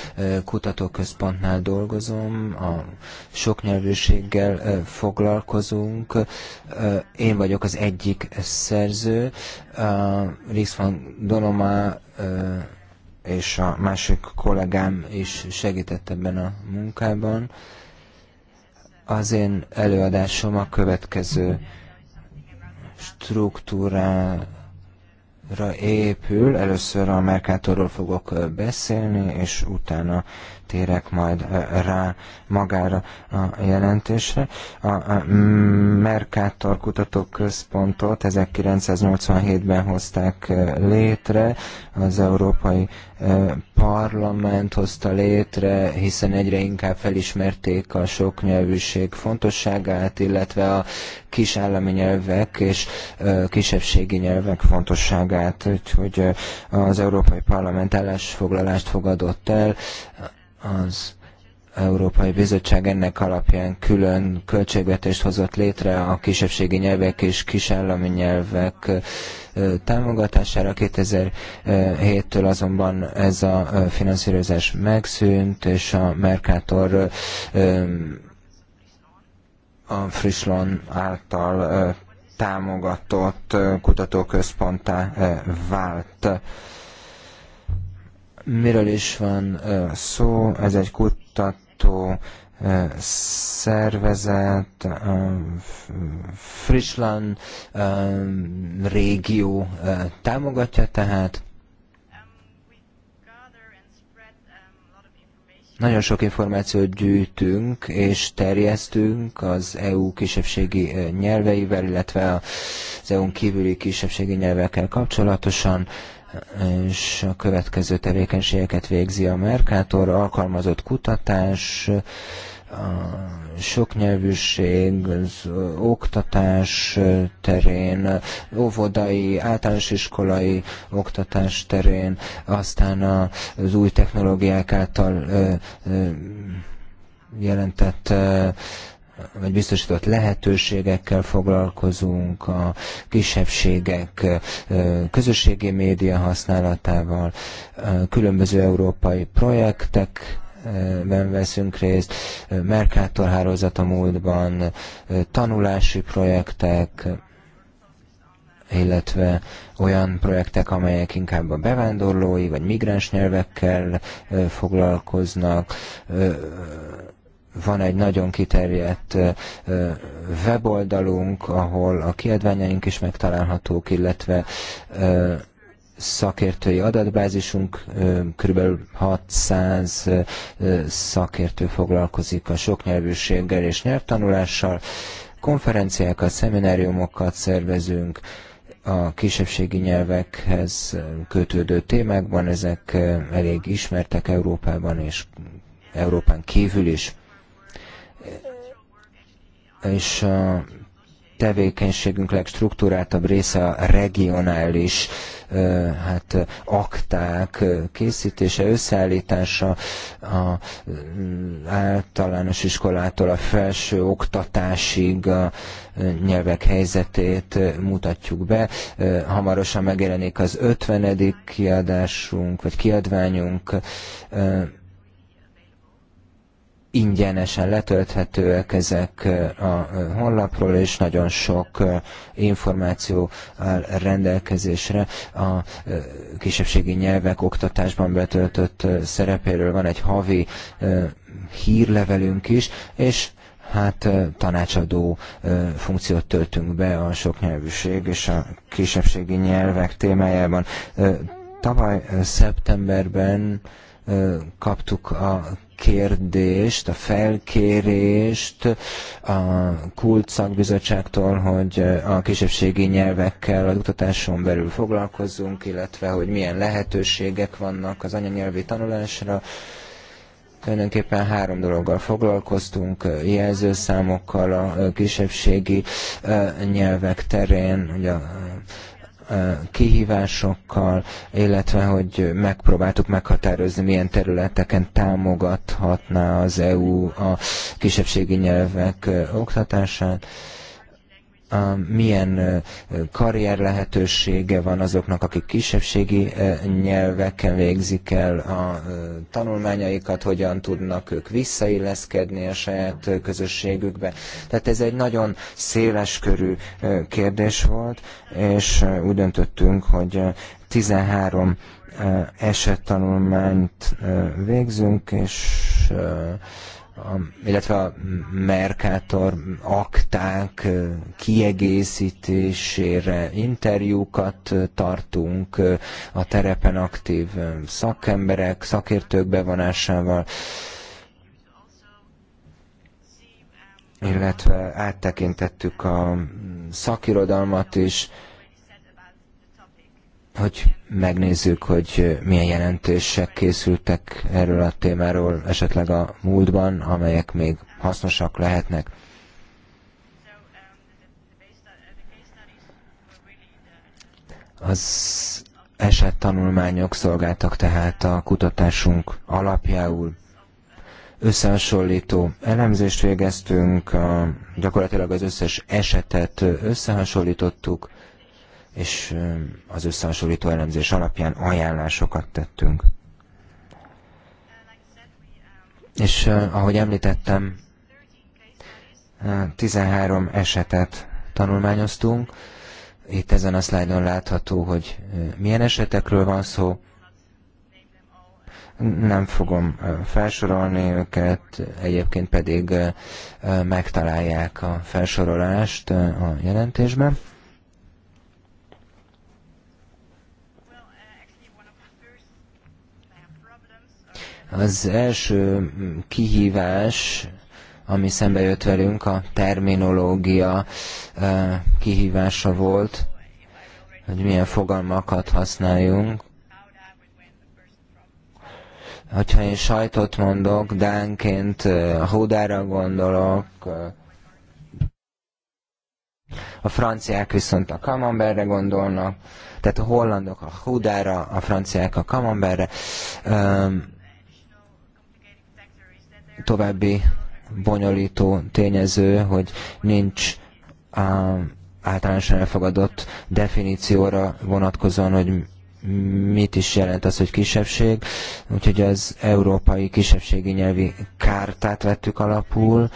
kutatóközpontnál dolgozom, a soknyelvűséggel foglalkozunk. Én vagyok az egyik szerző, Rich van donoma és a másik kollégám is segített ebben a munkában. Az én előadásom a következő struktúrá ra épül. Először a Mercatorról fogok beszélni, és utána térek majd rá magára a jelentésre. A Mercator Kutatóközpontot 1987-ben hozták létre, az Európai Parlament hozta létre, hiszen egyre inkább felismerték a soknyelvűség fontosságát, illetve a kis állami nyelvek és kisebbségi nyelvek fontosságát, úgyhogy az Európai Parlament állásfoglalást fogadott el, az Európai Bizottság ennek alapján külön költségvetést hozott létre a kisebbségi nyelvek és kisállami nyelvek támogatására. 2007-től azonban ez a finanszírozás megszűnt, és a Mercator a Frislon által támogatott kutatóközponttá vált. Miről is van szó? Ez egy kutató szervezet, Frischland régió támogatja tehát. Nagyon sok információt gyűjtünk és terjesztünk az EU kisebbségi nyelveivel, illetve az EU-n kívüli kisebbségi nyelvekkel kapcsolatosan és a következő tevékenységeket végzi a Mercator, alkalmazott kutatás, a soknyelvűség, az oktatás terén, óvodai, általános iskolai oktatás terén, aztán az új technológiák által jelentett vagy biztosított lehetőségekkel foglalkozunk, a kisebbségek közösségi média használatával, különböző európai projektek ben veszünk részt, Mercator hálózat a múltban, tanulási projektek, illetve olyan projektek, amelyek inkább a bevándorlói vagy migráns nyelvekkel foglalkoznak, van egy nagyon kiterjedt weboldalunk, ahol a kiadványaink is megtalálhatók, illetve szakértői adatbázisunk, kb. 600 szakértő foglalkozik a soknyelvűséggel és nyelvtanulással, konferenciákat, szemináriumokat szervezünk, a kisebbségi nyelvekhez kötődő témákban, ezek elég ismertek Európában és Európán kívül is és a tevékenységünk legstruktúráltabb része a regionális hát, akták készítése, összeállítása a mm, általános iskolától a felső oktatásig a nyelvek helyzetét mutatjuk be. Hamarosan megjelenik az 50. kiadásunk, vagy kiadványunk, ingyenesen letölthetőek ezek a honlapról, és nagyon sok információ áll rendelkezésre. A kisebbségi nyelvek oktatásban betöltött szerepéről van egy havi hírlevelünk is, és hát tanácsadó funkciót töltünk be a nyelvűség és a kisebbségi nyelvek témájában. Tavaly szeptemberben kaptuk a kérdést, a felkérést a kult szakbizottságtól, hogy a kisebbségi nyelvekkel az oktatáson belül foglalkozzunk, illetve hogy milyen lehetőségek vannak az anyanyelvi tanulásra. Tulajdonképpen három dologgal foglalkoztunk, jelzőszámokkal a kisebbségi nyelvek terén, ugye a kihívásokkal, illetve hogy megpróbáltuk meghatározni, milyen területeken támogathatná az EU a kisebbségi nyelvek oktatását milyen karrier lehetősége van azoknak, akik kisebbségi nyelveken végzik el a tanulmányaikat, hogyan tudnak ők visszailleszkedni a saját közösségükbe. Tehát ez egy nagyon széleskörű kérdés volt, és úgy döntöttünk, hogy 13 esettanulmányt végzünk, és illetve a Mercator akták kiegészítésére interjúkat tartunk a terepen aktív szakemberek, szakértők bevonásával, illetve áttekintettük a szakirodalmat is, hogy megnézzük, hogy milyen jelentések készültek erről a témáról esetleg a múltban, amelyek még hasznosak lehetnek. Az esettanulmányok szolgáltak tehát a kutatásunk alapjául. Összehasonlító elemzést végeztünk, a, gyakorlatilag az összes esetet összehasonlítottuk, és az összehasonlító elemzés alapján ajánlásokat tettünk. És ahogy említettem, 13 esetet tanulmányoztunk. Itt ezen a szlájdon látható, hogy milyen esetekről van szó. Nem fogom felsorolni őket, egyébként pedig megtalálják a felsorolást a jelentésben. Az első kihívás, ami szembe jött velünk, a terminológia kihívása volt, hogy milyen fogalmakat használjunk. Hogyha én sajtot mondok, dánként hódára gondolok, a franciák viszont a kamemberre gondolnak, tehát a hollandok a húdára, a franciák a kamemberre. Um, További bonyolító tényező, hogy nincs általánosan elfogadott definícióra vonatkozóan, hogy mit is jelent az, hogy kisebbség. Úgyhogy az Európai Kisebbségi Nyelvi Kártát vettük alapul,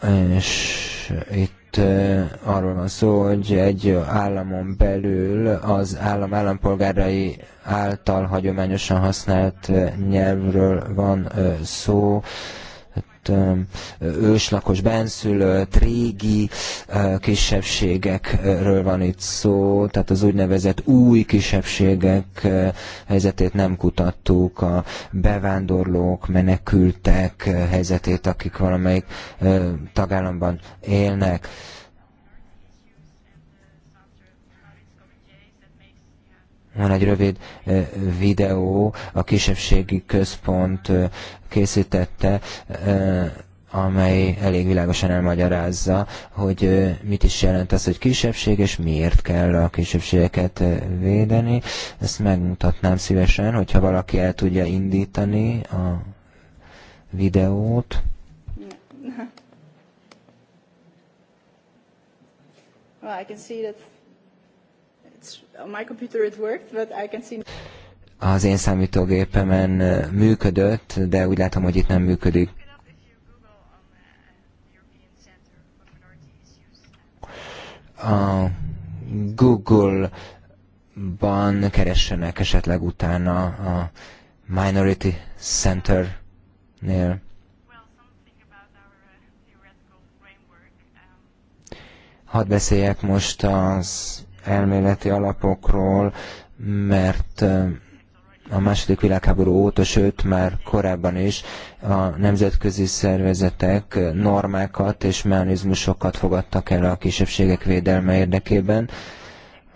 és itt itt arról van szó, hogy egy államon belül az állam állampolgárai által hagyományosan használt nyelvről van szó, őslakos, benszülött, régi kisebbségekről van itt szó, tehát az úgynevezett új kisebbségek helyzetét nem kutattuk, a bevándorlók, menekültek helyzetét, akik valamelyik tagállamban élnek. van egy rövid videó, a kisebbségi központ készítette, amely elég világosan elmagyarázza, hogy mit is jelent az, hogy kisebbség, és miért kell a kisebbségeket védeni. Ezt megmutatnám szívesen, hogyha valaki el tudja indítani a videót. Well, I can see that my computer it worked, but I can see... Az én számítógépemen működött, de úgy látom, hogy itt nem működik. A Google-ban keressenek esetleg utána a Minority Center-nél. Hadd beszéljek most az elméleti alapokról, mert a második világháború óta, sőt már korábban is a nemzetközi szervezetek normákat és mechanizmusokat fogadtak el a kisebbségek védelme érdekében.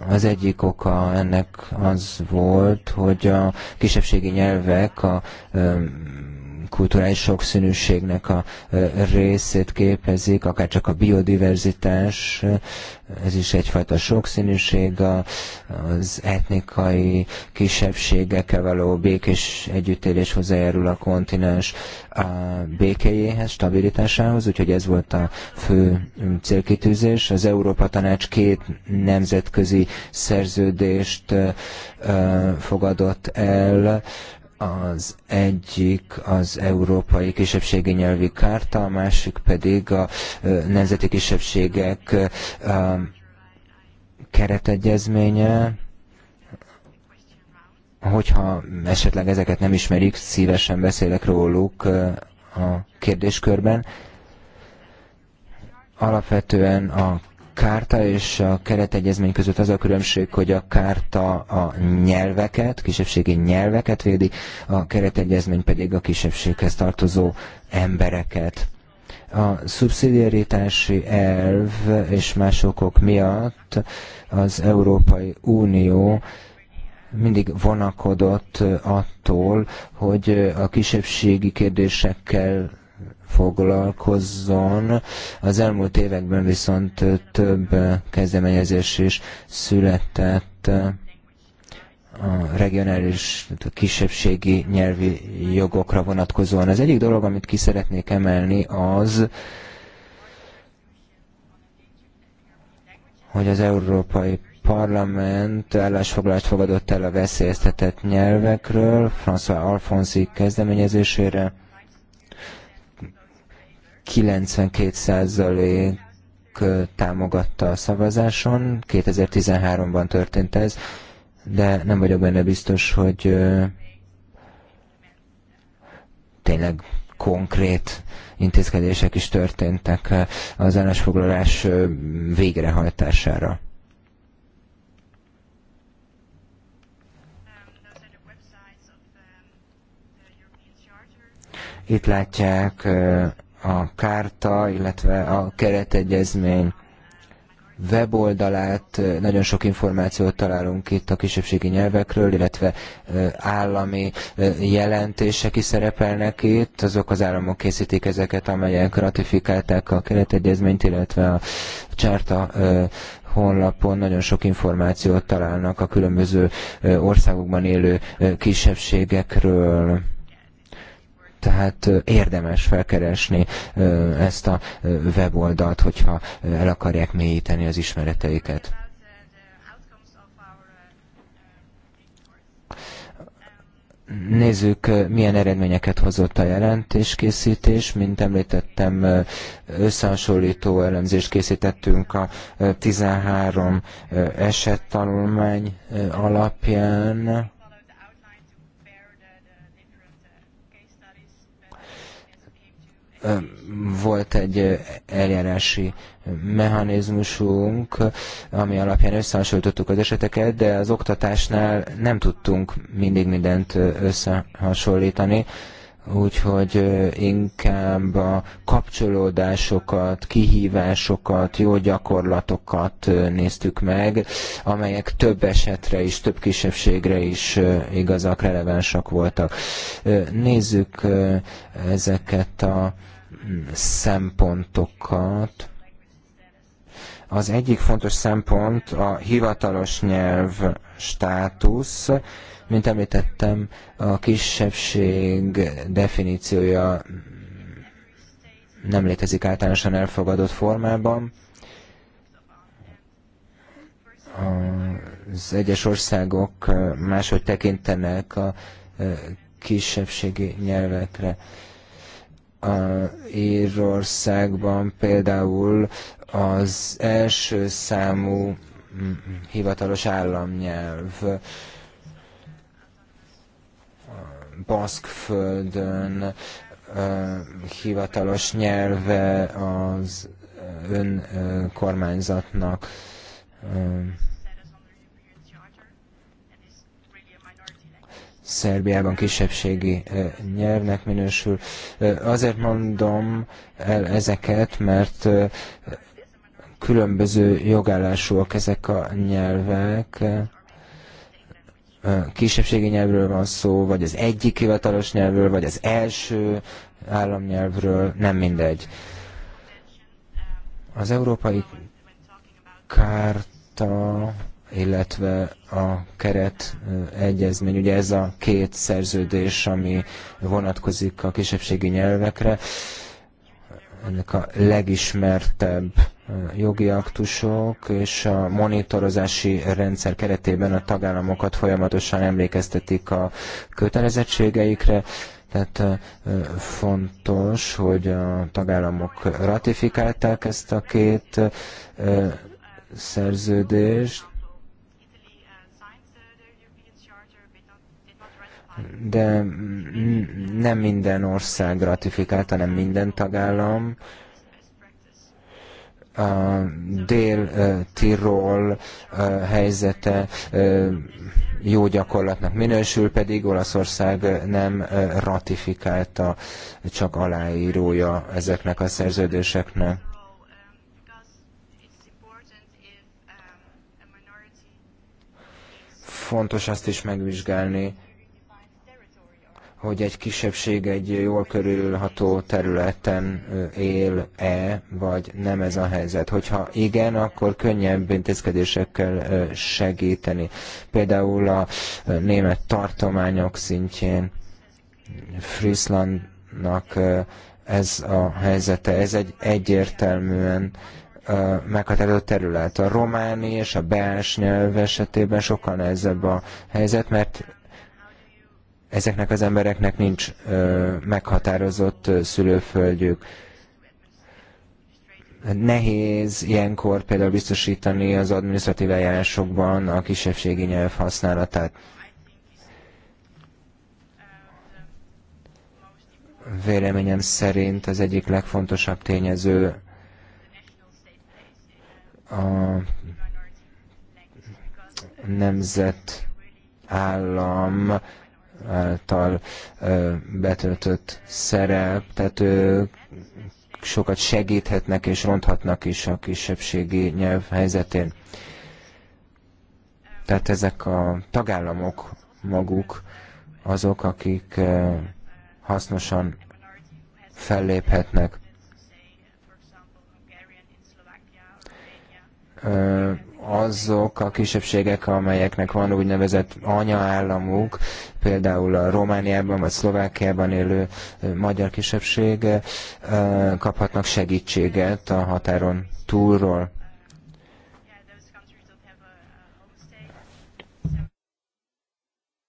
Az egyik oka ennek az volt, hogy a kisebbségi nyelvek a kulturális sokszínűségnek a részét képezik, akár csak a biodiverzitás, ez is egyfajta sokszínűség, az etnikai kisebbségekkel való békés együttélés hozzájárul a kontinens a békéjéhez, stabilitásához, úgyhogy ez volt a fő mm, célkitűzés. Az Európa Tanács két nemzetközi szerződést fogadott el, az egyik az Európai Kisebbségi Nyelvi Kárta, a másik pedig a Nemzeti Kisebbségek keretegyezménye, hogyha esetleg ezeket nem ismerik, szívesen beszélek róluk a kérdéskörben. Alapvetően a kárta és a keretegyezmény között az a különbség, hogy a kárta a nyelveket, kisebbségi nyelveket védi, a keretegyezmény pedig a kisebbséghez tartozó embereket. A szubszidiaritási elv és más okok miatt az Európai Unió mindig vonakodott attól, hogy a kisebbségi kérdésekkel foglalkozzon. Az elmúlt években viszont több kezdeményezés is született a regionális, a kisebbségi nyelvi jogokra vonatkozóan. Az egyik dolog, amit ki szeretnék emelni, az, hogy az Európai Parlament állásfoglalást fogadott el a veszélyeztetett nyelvekről, François Alfonsi kezdeményezésére, 92% támogatta a szavazáson, 2013-ban történt ez, de nem vagyok benne biztos, hogy tényleg konkrét intézkedések is történtek az állásfoglalás végrehajtására. Itt látják a kárta, illetve a keretegyezmény weboldalát, nagyon sok információt találunk itt a kisebbségi nyelvekről, illetve állami jelentések is szerepelnek itt, azok az államok készítik ezeket, amelyek ratifikálták a keretegyezményt, illetve a csárta honlapon nagyon sok információt találnak a különböző országokban élő kisebbségekről tehát érdemes felkeresni ezt a weboldalt, hogyha el akarják mélyíteni az ismereteiket. nézzük, milyen eredményeket hozott a jelentéskészítés. Mint említettem, összehasonlító elemzést készítettünk a 13 esettanulmány alapján. Volt egy eljárási mechanizmusunk, ami alapján összehasonlítottuk az eseteket, de az oktatásnál nem tudtunk mindig mindent összehasonlítani úgyhogy inkább a kapcsolódásokat, kihívásokat, jó gyakorlatokat néztük meg, amelyek több esetre is, több kisebbségre is igazak, relevánsak voltak. Nézzük ezeket a szempontokat. Az egyik fontos szempont a hivatalos nyelv státusz. Mint említettem, a kisebbség definíciója nem létezik általánosan elfogadott formában. Az egyes országok máshogy tekintenek a kisebbségi nyelvekre. Írországban például az első számú mm, hivatalos államnyelv Baszkföldön hivatalos nyelve az önkormányzatnak Szerbiában kisebbségi nyelvnek minősül. Azért mondom el ezeket, mert különböző jogállásúak ezek a nyelvek. Kisebbségi nyelvről van szó, vagy az egyik hivatalos nyelvről, vagy az első államnyelvről, nem mindegy. Az európai kárta illetve a keret egyezmény, ugye ez a két szerződés, ami vonatkozik a kisebbségi nyelvekre, ennek a legismertebb jogi aktusok és a monitorozási rendszer keretében a tagállamokat folyamatosan emlékeztetik a kötelezettségeikre, tehát fontos, hogy a tagállamok ratifikálták ezt a két szerződést, de nem minden ország ratifikált, hanem minden tagállam. A Dél-Tirol helyzete jó gyakorlatnak minősül, pedig Olaszország nem ratifikálta, csak aláírója ezeknek a szerződéseknek. Fontos azt is megvizsgálni, hogy egy kisebbség egy jól körülható területen él-e, vagy nem ez a helyzet. Hogyha igen, akkor könnyebb intézkedésekkel segíteni. Például a német tartományok szintjén Frieslandnak ez a helyzete. Ez egy egyértelműen meghatározott terület. A románi és a beás nyelv esetében sokkal nehezebb a helyzet, mert Ezeknek az embereknek nincs meghatározott szülőföldjük nehéz ilyenkor például biztosítani az adminisztratív eljárásokban a kisebbségi nyelv használatát. Véleményem szerint az egyik legfontosabb tényező a nemzetállam által betöltött szerep, tehát sokat segíthetnek és ronthatnak is a kisebbségi nyelv helyzetén. Tehát ezek a tagállamok maguk azok, akik hasznosan felléphetnek azok a kisebbségek, amelyeknek van úgynevezett anyaállamuk, például a Romániában vagy Szlovákiában élő magyar kisebbség kaphatnak segítséget a határon túlról.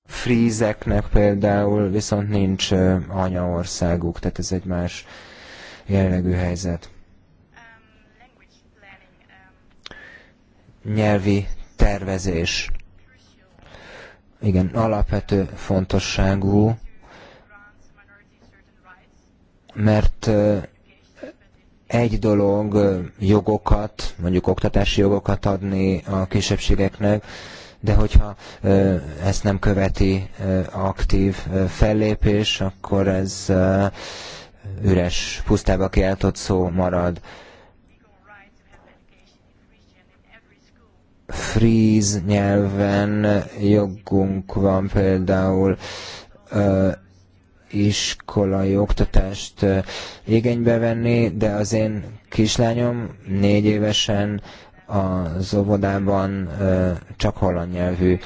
Frízeknek például viszont nincs anyaországuk, tehát ez egy más jellegű helyzet. nyelvi tervezés. Igen, alapvető fontosságú, mert egy dolog jogokat, mondjuk oktatási jogokat adni a kisebbségeknek, de hogyha ezt nem követi aktív fellépés, akkor ez üres, pusztába kiáltott szó marad. fríz nyelven jogunk van például iskolai oktatást igénybe venni, de az én kislányom négy évesen az óvodában csak holland nyelvű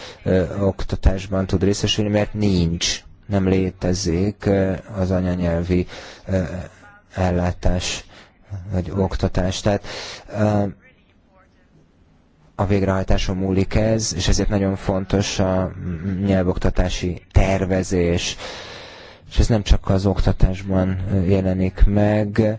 oktatásban tud részesülni, mert nincs, nem létezik az anyanyelvi ellátás vagy oktatás. Tehát a végrehajtáson múlik ez, és ezért nagyon fontos a nyelvoktatási tervezés. És ez nem csak az oktatásban jelenik meg,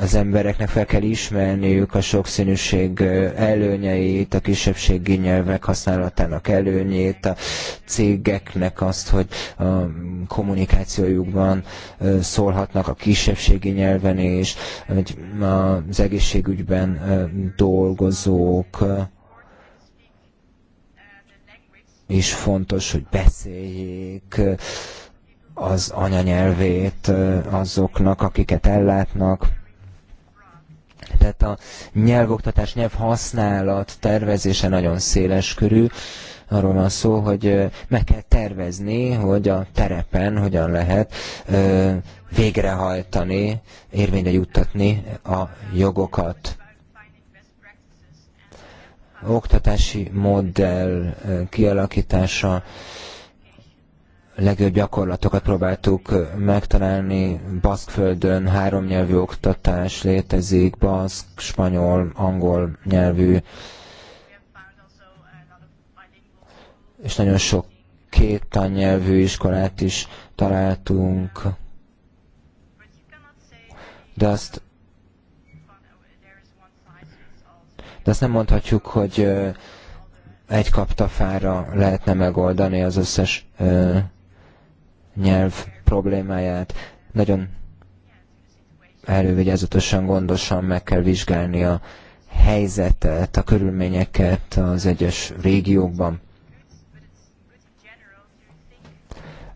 az embereknek fel kell ismerniük a sokszínűség előnyeit, a kisebbségi nyelvek használatának előnyét, a cégeknek azt, hogy a kommunikációjukban szólhatnak a kisebbségi nyelven és hogy az egészségügyben dolgozók is fontos, hogy beszéljék az anyanyelvét azoknak, akiket ellátnak. Tehát a nyelvoktatás, nyelvhasználat tervezése nagyon széles körű. Arról van szó, hogy meg kell tervezni, hogy a terepen hogyan lehet végrehajtani, érvényre juttatni a jogokat oktatási modell kialakítása, legjobb gyakorlatokat próbáltuk megtalálni. Baszkföldön három nyelvű oktatás létezik, baszk, spanyol, angol nyelvű, és nagyon sok két tannyelvű iskolát is találtunk. De azt de azt nem mondhatjuk, hogy egy kaptafára lehetne megoldani az összes nyelv problémáját nagyon elővigyázatosan, gondosan meg kell vizsgálni a helyzetet, a körülményeket az egyes régiókban.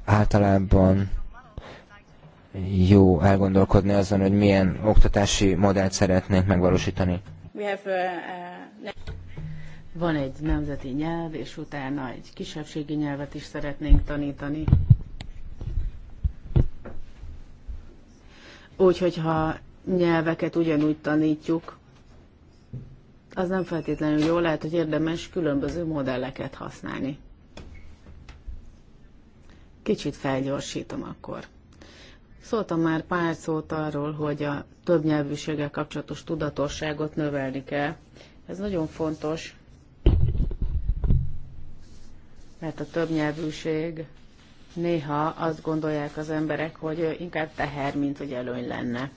Általában jó elgondolkodni azon, hogy milyen oktatási modellt szeretnénk megvalósítani. Uh, uh, Van egy nemzeti nyelv, és utána egy kisebbségi nyelvet is szeretnénk tanítani. Úgy, ha nyelveket ugyanúgy tanítjuk, az nem feltétlenül jó, lehet, hogy érdemes különböző modelleket használni. Kicsit felgyorsítom akkor. Szóltam már pár szót arról, hogy a több nyelvűséggel kapcsolatos tudatosságot növelni kell. Ez nagyon fontos, mert a több nyelvűség Néha azt gondolják az emberek, hogy inkább teher, mint hogy előny lenne.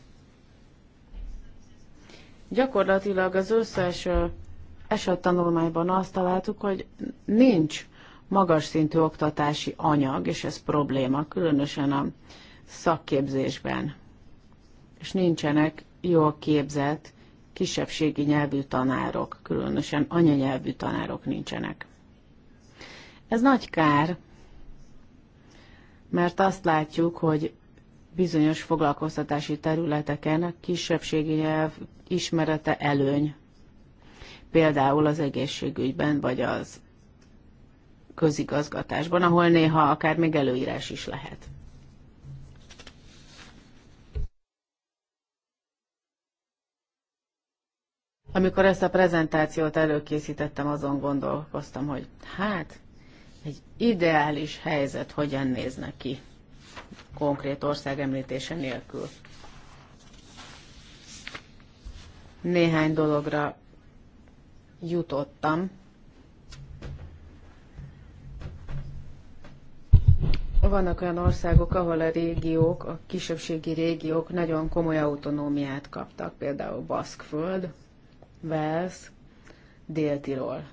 Gyakorlatilag az összes esettanulmányban azt találtuk, hogy nincs magas szintű oktatási anyag, és ez probléma, különösen a szakképzésben. És nincsenek jól képzett kisebbségi nyelvű tanárok, különösen anyanyelvű tanárok nincsenek. Ez nagy kár, mert azt látjuk, hogy bizonyos foglalkoztatási területeken a kisebbségi nyelv ismerete előny. Például az egészségügyben, vagy az közigazgatásban, ahol néha akár még előírás is lehet. Amikor ezt a prezentációt előkészítettem, azon gondolkoztam, hogy hát, egy ideális helyzet hogyan nézne ki konkrét ország említése nélkül. Néhány dologra jutottam. Vannak olyan országok, ahol a régiók, a kisebbségi régiók nagyon komoly autonómiát kaptak, például Baszkföld, Wales, Dél-Tirol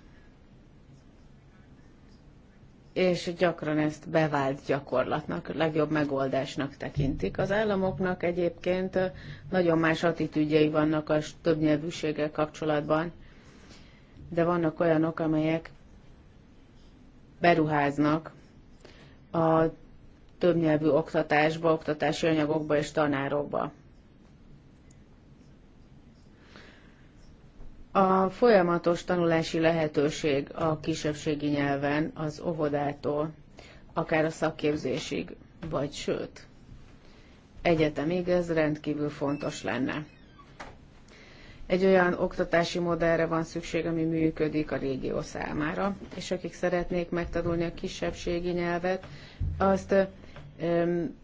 és gyakran ezt bevált gyakorlatnak, legjobb megoldásnak tekintik. Az államoknak egyébként nagyon más attitűdjei vannak a többnyelvűséggel kapcsolatban, de vannak olyanok, amelyek beruháznak a többnyelvű oktatásba, oktatási anyagokba és tanárokba. A folyamatos tanulási lehetőség a kisebbségi nyelven az óvodától, akár a szakképzésig, vagy sőt, egyetemig ez rendkívül fontos lenne. Egy olyan oktatási modellre van szükség, ami működik a régió számára, és akik szeretnék megtanulni a kisebbségi nyelvet, azt öm,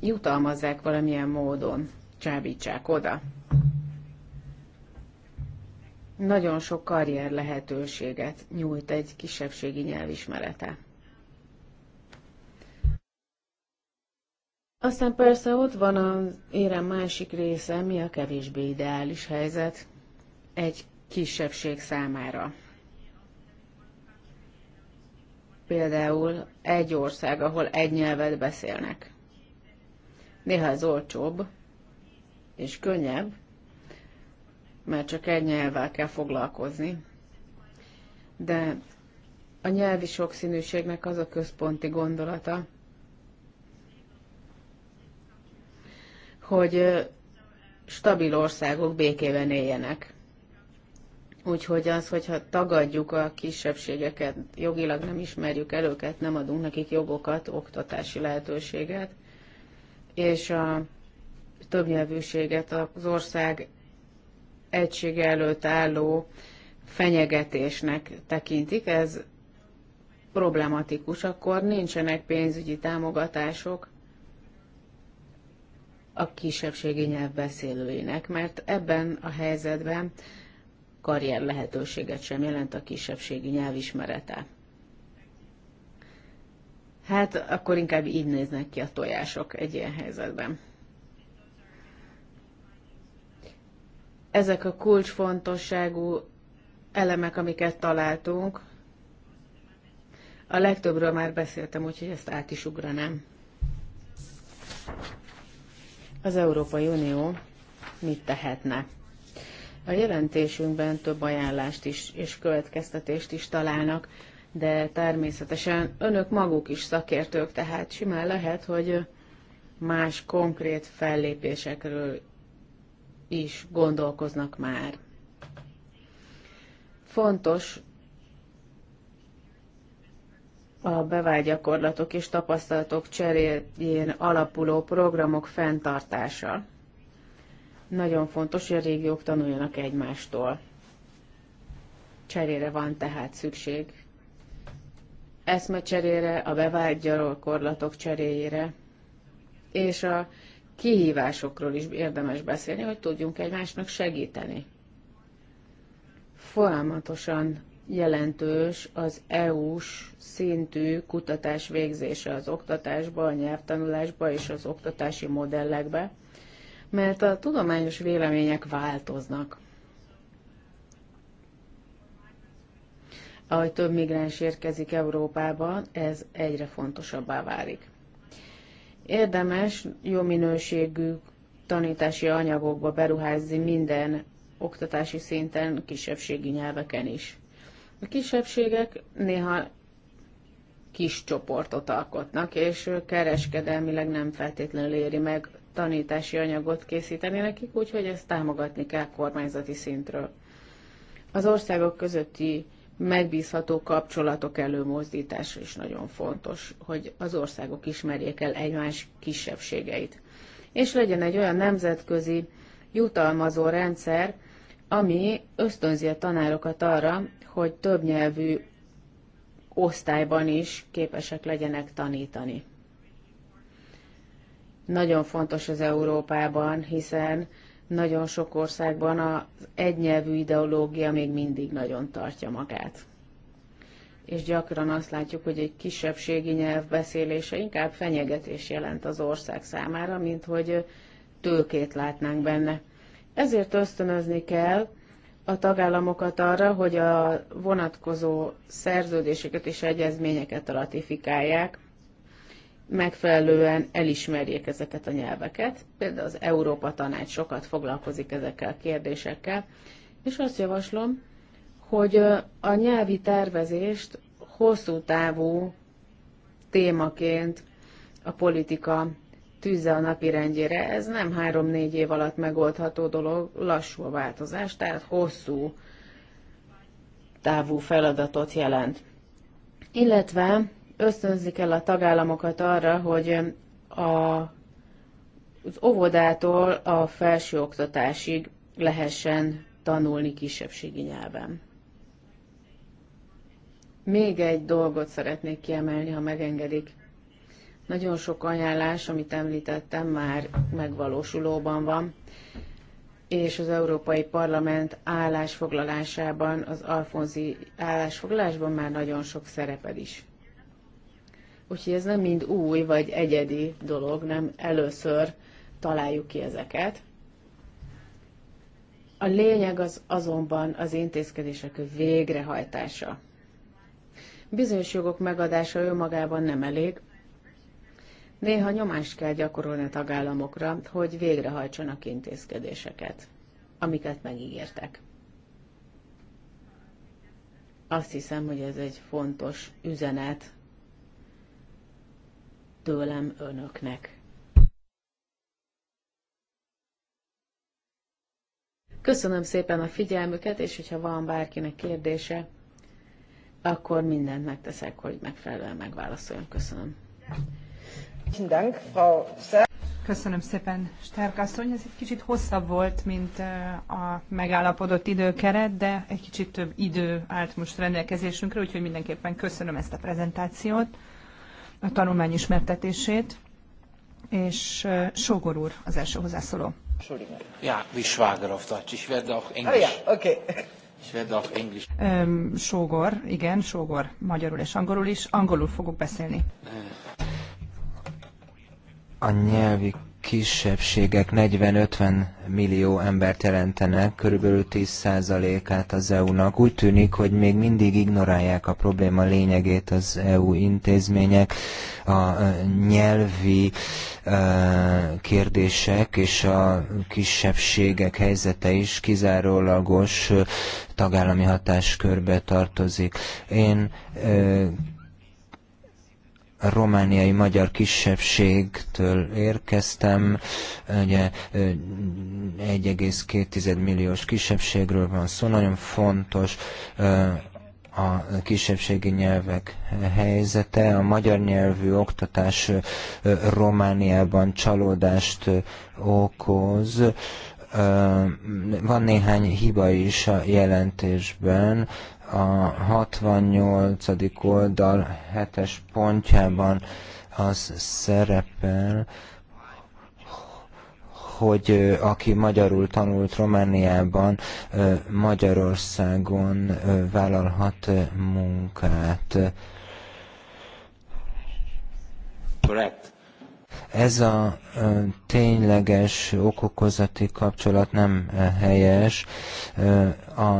jutalmazzák valamilyen módon, csábítsák oda nagyon sok karrier lehetőséget nyújt egy kisebbségi nyelvismerete. Aztán persze ott van az érem másik része, mi a kevésbé ideális helyzet egy kisebbség számára. Például egy ország, ahol egy nyelvet beszélnek. Néha ez olcsóbb és könnyebb, mert csak egy nyelvvel kell foglalkozni. De a nyelvi sokszínűségnek az a központi gondolata, hogy stabil országok békében éljenek. Úgyhogy az, hogyha tagadjuk a kisebbségeket, jogilag nem ismerjük el őket, nem adunk nekik jogokat, oktatási lehetőséget, és a többnyelvűséget az ország egysége előtt álló fenyegetésnek tekintik, ez problematikus, akkor nincsenek pénzügyi támogatások a kisebbségi nyelv beszélőinek, mert ebben a helyzetben karrier lehetőséget sem jelent a kisebbségi nyelv ismerete. Hát akkor inkább így néznek ki a tojások egy ilyen helyzetben. Ezek a kulcsfontosságú elemek, amiket találtunk, a legtöbbről már beszéltem, úgyhogy ezt át is ugranám. Az Európai Unió mit tehetne? A jelentésünkben több ajánlást is és következtetést is találnak, de természetesen önök maguk is szakértők, tehát simán lehet, hogy más konkrét fellépésekről is gondolkoznak már. Fontos a bevált gyakorlatok és tapasztalatok cseréjén alapuló programok fenntartása. Nagyon fontos, hogy a régiók tanuljanak egymástól. Cserére van tehát szükség. Eszmecserére, a bevált gyakorlatok cseréjére, és a kihívásokról is érdemes beszélni, hogy tudjunk egymásnak segíteni. Folyamatosan jelentős az EU-s szintű kutatás végzése az oktatásba, a nyelvtanulásba és az oktatási modellekbe, mert a tudományos vélemények változnak. Ahogy több migráns érkezik Európába, ez egyre fontosabbá válik. Érdemes jó minőségű tanítási anyagokba beruházni minden oktatási szinten, kisebbségi nyelveken is. A kisebbségek néha kis csoportot alkotnak, és kereskedelmileg nem feltétlenül éri meg tanítási anyagot készíteni nekik, úgyhogy ezt támogatni kell kormányzati szintről. Az országok közötti megbízható kapcsolatok előmozdítása is nagyon fontos, hogy az országok ismerjék el egymás kisebbségeit. És legyen egy olyan nemzetközi jutalmazó rendszer, ami ösztönzi a tanárokat arra, hogy többnyelvű osztályban is képesek legyenek tanítani. Nagyon fontos az Európában, hiszen nagyon sok országban az egynyelvű ideológia még mindig nagyon tartja magát. És gyakran azt látjuk, hogy egy kisebbségi nyelv beszélése inkább fenyegetés jelent az ország számára, mint hogy tőkét látnánk benne. Ezért ösztönözni kell a tagállamokat arra, hogy a vonatkozó szerződéseket és egyezményeket ratifikálják, megfelelően elismerjék ezeket a nyelveket. Például az Európa Tanács sokat foglalkozik ezekkel a kérdésekkel, és azt javaslom, hogy a nyelvi tervezést hosszú távú témaként a politika tűzze a napirendjére. Ez nem három-négy év alatt megoldható dolog, lassú a változás, tehát hosszú távú feladatot jelent. Illetve ösztönzik el a tagállamokat arra, hogy a, az óvodától a felsőoktatásig lehessen tanulni kisebbségi nyelven. Még egy dolgot szeretnék kiemelni, ha megengedik. Nagyon sok ajánlás, amit említettem, már megvalósulóban van, és az Európai Parlament állásfoglalásában, az Alfonzi állásfoglalásban már nagyon sok szereped is. Úgyhogy ez nem mind új vagy egyedi dolog, nem először találjuk ki ezeket. A lényeg az azonban az intézkedések végrehajtása. Bizonyos jogok megadása önmagában nem elég. Néha nyomást kell gyakorolni a tagállamokra, hogy végrehajtsanak intézkedéseket, amiket megígértek. Azt hiszem, hogy ez egy fontos üzenet tőlem önöknek. Köszönöm szépen a figyelmüket, és hogyha van bárkinek kérdése, akkor mindent megteszek, hogy megfelelően megválaszoljon. Köszönöm. Köszönöm szépen, Stárk asszony. Ez egy kicsit hosszabb volt, mint a megállapodott időkeret, de egy kicsit több idő állt most rendelkezésünkre, úgyhogy mindenképpen köszönöm ezt a prezentációt a tanulmány ismertetését, és Sógor úr az első hozzászóló. Ja, wie Schwager auf Deutsch. Ich werde auch Englisch. Oh, ja, okay. Ich werde auch Englisch. Um, sógor, igen, sógor. Magyarul és angolul is. Angolul fogok beszélni. A nyelvi kisebbségek 40-50 millió embert jelentenek, körülbelül 10%-át az EU-nak. Úgy tűnik, hogy még mindig ignorálják a probléma lényegét az EU intézmények, a nyelvi kérdések és a kisebbségek helyzete is kizárólagos tagállami hatáskörbe tartozik. Én romániai magyar kisebbségtől érkeztem, ugye 1,2 milliós kisebbségről van szó, nagyon fontos a kisebbségi nyelvek helyzete. A magyar nyelvű oktatás Romániában csalódást okoz. Van néhány hiba is a jelentésben, a 68. oldal 7-es pontjában az szerepel, hogy aki magyarul tanult Romániában, Magyarországon vállalhat munkát. Correct. Ez a tényleges okokozati kapcsolat nem helyes. A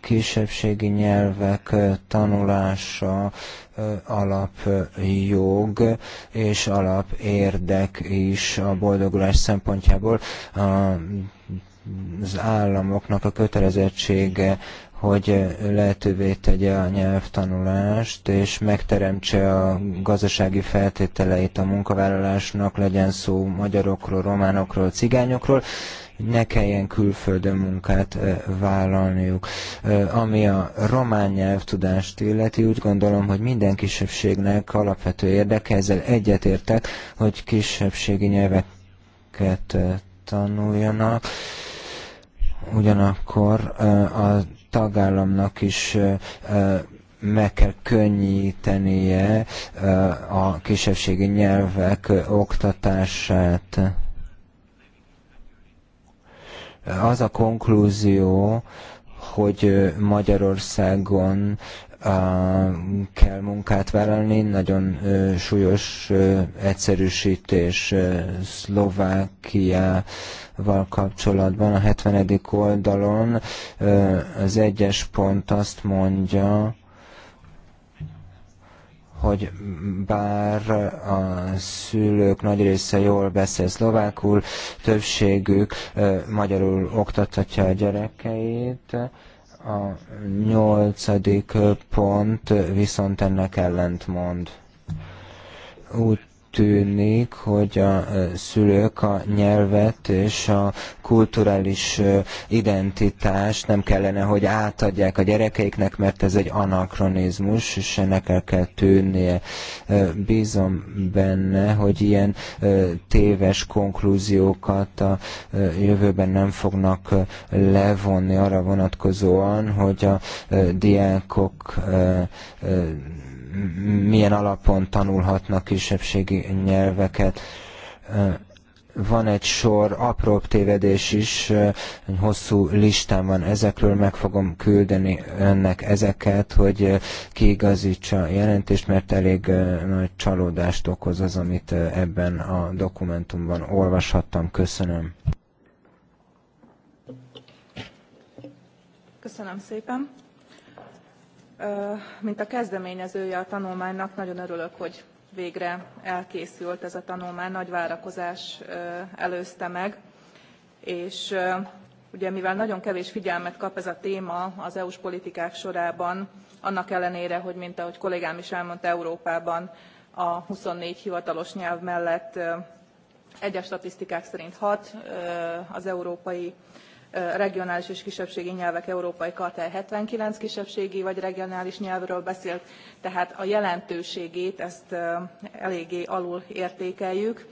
kisebbségi nyelvek tanulása alapjog és alapérdek is a boldogulás szempontjából. A az államoknak a kötelezettsége hogy lehetővé tegye a nyelvtanulást, és megteremtse a gazdasági feltételeit a munkavállalásnak, legyen szó magyarokról, románokról, cigányokról, ne kelljen külföldön munkát vállalniuk. Ami a román nyelvtudást illeti, úgy gondolom, hogy minden kisebbségnek alapvető érdeke, ezzel egyetértek, hogy kisebbségi nyelveket tanuljanak. Ugyanakkor a tagállamnak is meg kell könnyítenie a kisebbségi nyelvek oktatását. Az a konklúzió, hogy Magyarországon kell munkát vállalni, nagyon súlyos egyszerűsítés Szlovákiával kapcsolatban a 70. oldalon. Az egyes pont azt mondja, hogy bár a szülők nagy része jól beszél szlovákul, többségük magyarul oktathatja a gyerekeit, a nyolcadik pont viszont ennek ellentmond. Úgy tűnik, hogy a szülők a nyelvet és a kulturális identitást nem kellene, hogy átadják a gyerekeiknek, mert ez egy anakronizmus, és ennek el kell tűnnie. Bízom benne, hogy ilyen téves konklúziókat a jövőben nem fognak levonni arra vonatkozóan, hogy a diákok milyen alapon tanulhatnak kisebbségi nyelveket. Van egy sor apróbb tévedés is, egy hosszú listán van ezekről, meg fogom küldeni önnek ezeket, hogy kiigazítsa a jelentést, mert elég nagy csalódást okoz az, amit ebben a dokumentumban olvashattam. Köszönöm. Köszönöm szépen mint a kezdeményezője a tanulmánynak nagyon örülök, hogy végre elkészült ez a tanulmány, nagy várakozás előzte meg, és ugye mivel nagyon kevés figyelmet kap ez a téma az EU-s politikák sorában, annak ellenére, hogy mint ahogy kollégám is elmondta, Európában a 24 hivatalos nyelv mellett egyes statisztikák szerint hat az európai regionális és kisebbségi nyelvek európai karta 79 kisebbségi vagy regionális nyelvről beszélt, tehát a jelentőségét ezt eléggé alul értékeljük,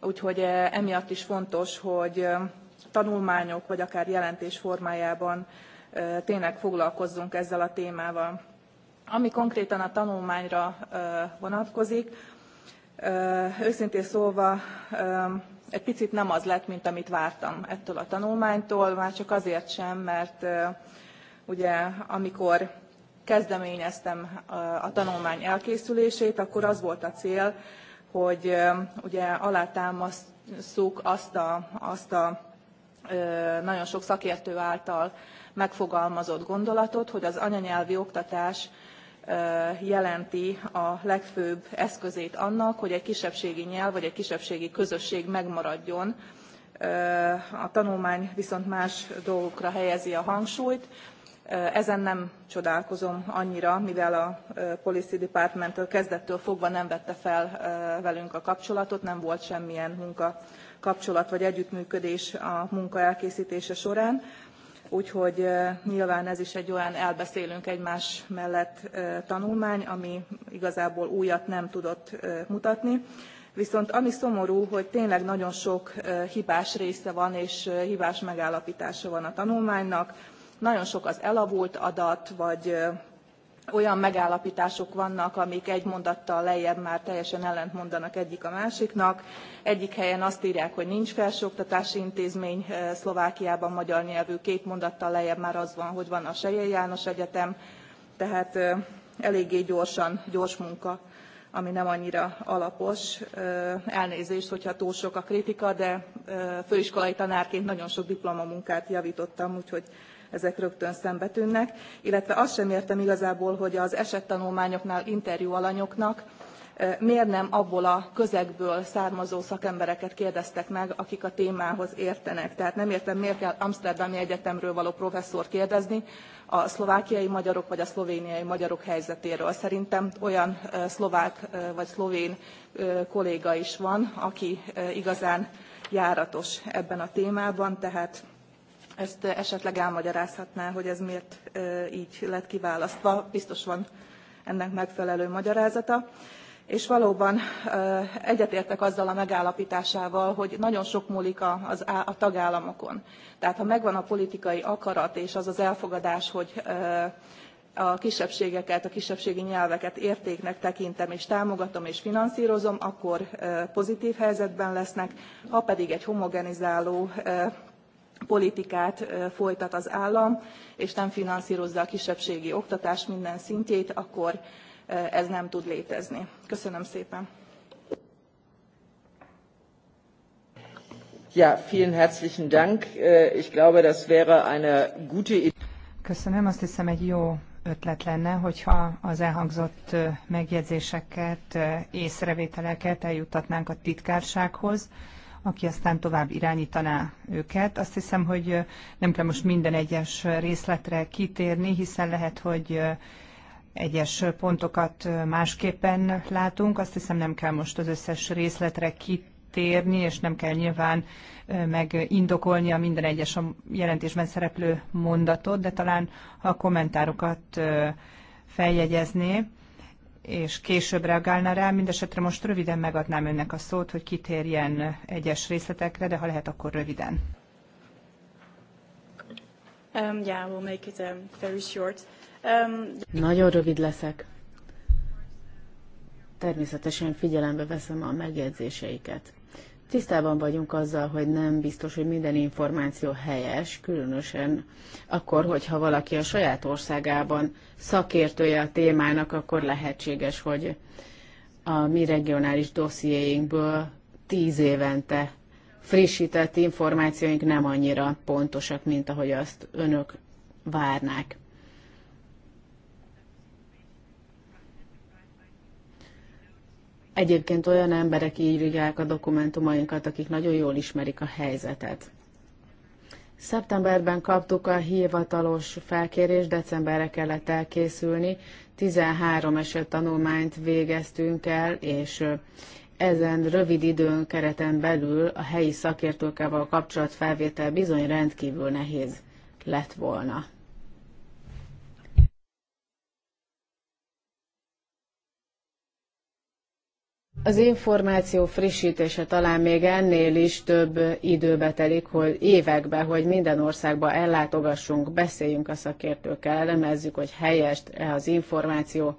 úgyhogy emiatt is fontos, hogy tanulmányok vagy akár jelentés formájában tényleg foglalkozzunk ezzel a témával. Ami konkrétan a tanulmányra vonatkozik, őszintén szólva egy picit nem az lett, mint amit vártam ettől a tanulmánytól, már csak azért sem, mert ugye amikor kezdeményeztem a tanulmány elkészülését, akkor az volt a cél, hogy ugye alátámasztjuk azt a, azt a nagyon sok szakértő által megfogalmazott gondolatot, hogy az anyanyelvi oktatás jelenti a legfőbb eszközét annak, hogy egy kisebbségi nyelv vagy egy kisebbségi közösség megmaradjon. A tanulmány viszont más dolgokra helyezi a hangsúlyt. Ezen nem csodálkozom annyira, mivel a Policy Department kezdettől fogva nem vette fel velünk a kapcsolatot, nem volt semmilyen munka kapcsolat vagy együttműködés a munka elkészítése során úgyhogy nyilván ez is egy olyan elbeszélünk egymás mellett tanulmány, ami igazából újat nem tudott mutatni. Viszont ami szomorú, hogy tényleg nagyon sok hibás része van és hibás megállapítása van a tanulmánynak. Nagyon sok az elavult adat, vagy olyan megállaptások vannak amik egy mondattal lejjebb már teljesen ellentmondanak egyik a másiknak egyik helyen azt rják hogy nincs felsőoktatási intézmény eh, szlovákiában magyar nyelvű két mondattal lejjebb már az van hogy van a sejei jános egyetem tehát eh, eléggé gyorsan gyors munka ami nem annyira alapos. Eh, elnézést, hogyha túl sok a kritika, de főiskolai tanárként nagyon sok diplomamunkát javítottam, úgyhogy ezek rögtön szembetűnnek, illetve azt sem értem igazából, hogy az esettanulmányoknál interjú alanyoknak e, miért nem abból a közegből származó szakembereket kérdeztek meg, akik a témához értenek. Tehát nem értem, miért kell Amsterdami Egyetemről való professzort kérdezni a szlovákiai magyarok vagy a szlovéniai magyarok helyzetéről. Szerintem olyan e, szlovák e, vagy szlovén kolléga is van, aki igazán járatos ebben a témában, tehát ezt esetleg elmagyarázhatná, hogy ez miért így lett kiválasztva. Biztos van ennek megfelelő magyarázata. És valóban egyetértek azzal a megállapításával, hogy nagyon sok múlik a, az, a tagállamokon. Tehát ha megvan a politikai akarat és az az elfogadás, hogy a kisebbségeket, a kisebbségi nyelveket értéknek tekintem és támogatom és finanszírozom, akkor pozitív helyzetben lesznek, ha pedig egy homogenizáló politikát folytat az állam, és nem finanszírozza a kisebbségi oktatás minden szintjét, akkor ez nem tud létezni. Köszönöm szépen! Ja, vielen herzlichen Dank. Ich glaube, das wäre eine gute Idee. Köszönöm, azt hiszem egy jó ötlet lenne, hogyha az elhangzott megjegyzéseket, észrevételeket eljuttatnánk a titkársághoz, aki aztán tovább irányítaná őket. Azt hiszem, hogy nem kell most minden egyes részletre kitérni, hiszen lehet, hogy egyes pontokat másképpen látunk. Azt hiszem, nem kell most az összes részletre kitérni, és nem kell nyilván megindokolni a minden egyes a jelentésben szereplő mondatot, de talán ha a kommentárokat feljegyezné, és később reagálna rá. Mindesetre most röviden megadnám önnek a szót, hogy kitérjen egyes részletekre, de ha lehet, akkor röviden. Um, yeah, we'll make it um, very short. Um... Nagyon rövid leszek. Természetesen figyelembe veszem a megjegyzéseiket. Tisztában vagyunk azzal, hogy nem biztos, hogy minden információ helyes, különösen akkor, hogyha valaki a saját országában szakértője a témának, akkor lehetséges, hogy a mi regionális dossziéinkből tíz évente frissített információink nem annyira pontosak, mint ahogy azt önök várnák. Egyébként olyan emberek írják a dokumentumainkat, akik nagyon jól ismerik a helyzetet. Szeptemberben kaptuk a hivatalos felkérést, decemberre kellett elkészülni. 13 eset tanulmányt végeztünk el, és ezen rövid időn kereten belül a helyi szakértőkkel való kapcsolatfelvétel bizony rendkívül nehéz lett volna. Az információ frissítése talán még ennél is több időbe telik, hogy évekbe, hogy minden országba ellátogassunk, beszéljünk a szakértőkkel, elemezzük, hogy helyes. e az információ.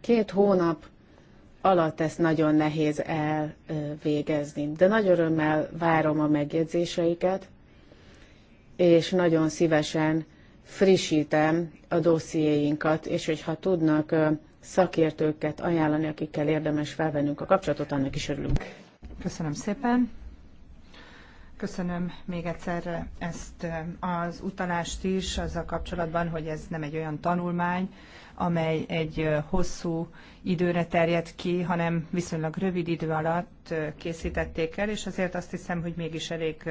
Két hónap alatt ezt nagyon nehéz elvégezni. De nagy örömmel várom a megjegyzéseiket, és nagyon szívesen frissítem a dossziéinkat, és hogyha tudnak szakértőket ajánlani, akikkel érdemes felvennünk a kapcsolatot, annak is örülünk. Köszönöm szépen. Köszönöm még egyszer ezt eh, az utalást is azzal kapcsolatban, hogy ez nem egy olyan tanulmány, amely egy eh, hosszú időre terjed ki, hanem viszonylag rövid idő alatt eh, készítették el, és azért azt hiszem, hogy mégis elég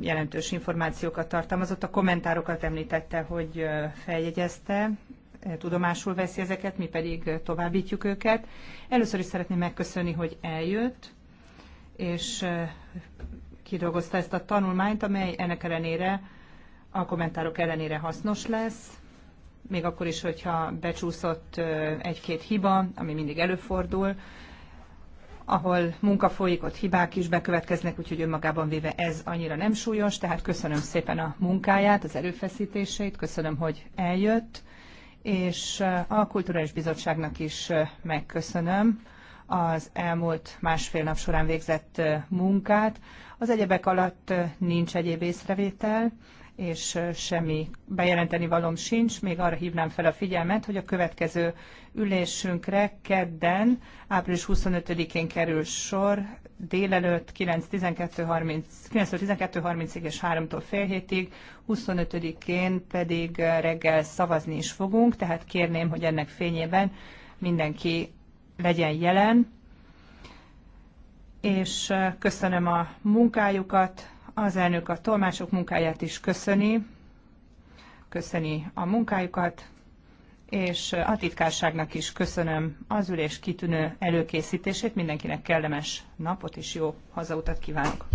jelentős információkat tartalmazott. A kommentárokat említette, hogy feljegyezte, tudomásul veszi ezeket, mi pedig eh, továbbítjuk őket. Először is szeretném megköszönni, hogy eljött, és eh, kidolgozta ezt a tanulmányt, amely ennek ellenére, a kommentárok ellenére hasznos lesz, még akkor is, hogyha becsúszott eh, egy-két hiba, ami mindig előfordul, ahol munka folyik, ott hibák is bekövetkeznek, úgyhogy önmagában véve ez annyira nem súlyos, tehát köszönöm szépen a munkáját, az erőfeszítéseit, köszönöm, hogy eljött, és a Kulturális Bizottságnak is megköszönöm az elmúlt másfél nap során végzett munkát. Az egyebek alatt nincs egyéb észrevétel, és semmi bejelenteni valom sincs. Még arra hívnám fel a figyelmet, hogy a következő ülésünkre kedden, április 25-én kerül sor, délelőtt 91230 ig és 3-tól fél hétig, 25-én pedig reggel szavazni is fogunk, tehát kérném, hogy ennek fényében mindenki legyen jelen, és köszönöm a munkájukat, az elnök a tolmások munkáját is köszöni, köszöni a munkájukat, és a titkárságnak is köszönöm az ülés kitűnő előkészítését. Mindenkinek kellemes napot és jó hazautat kívánok!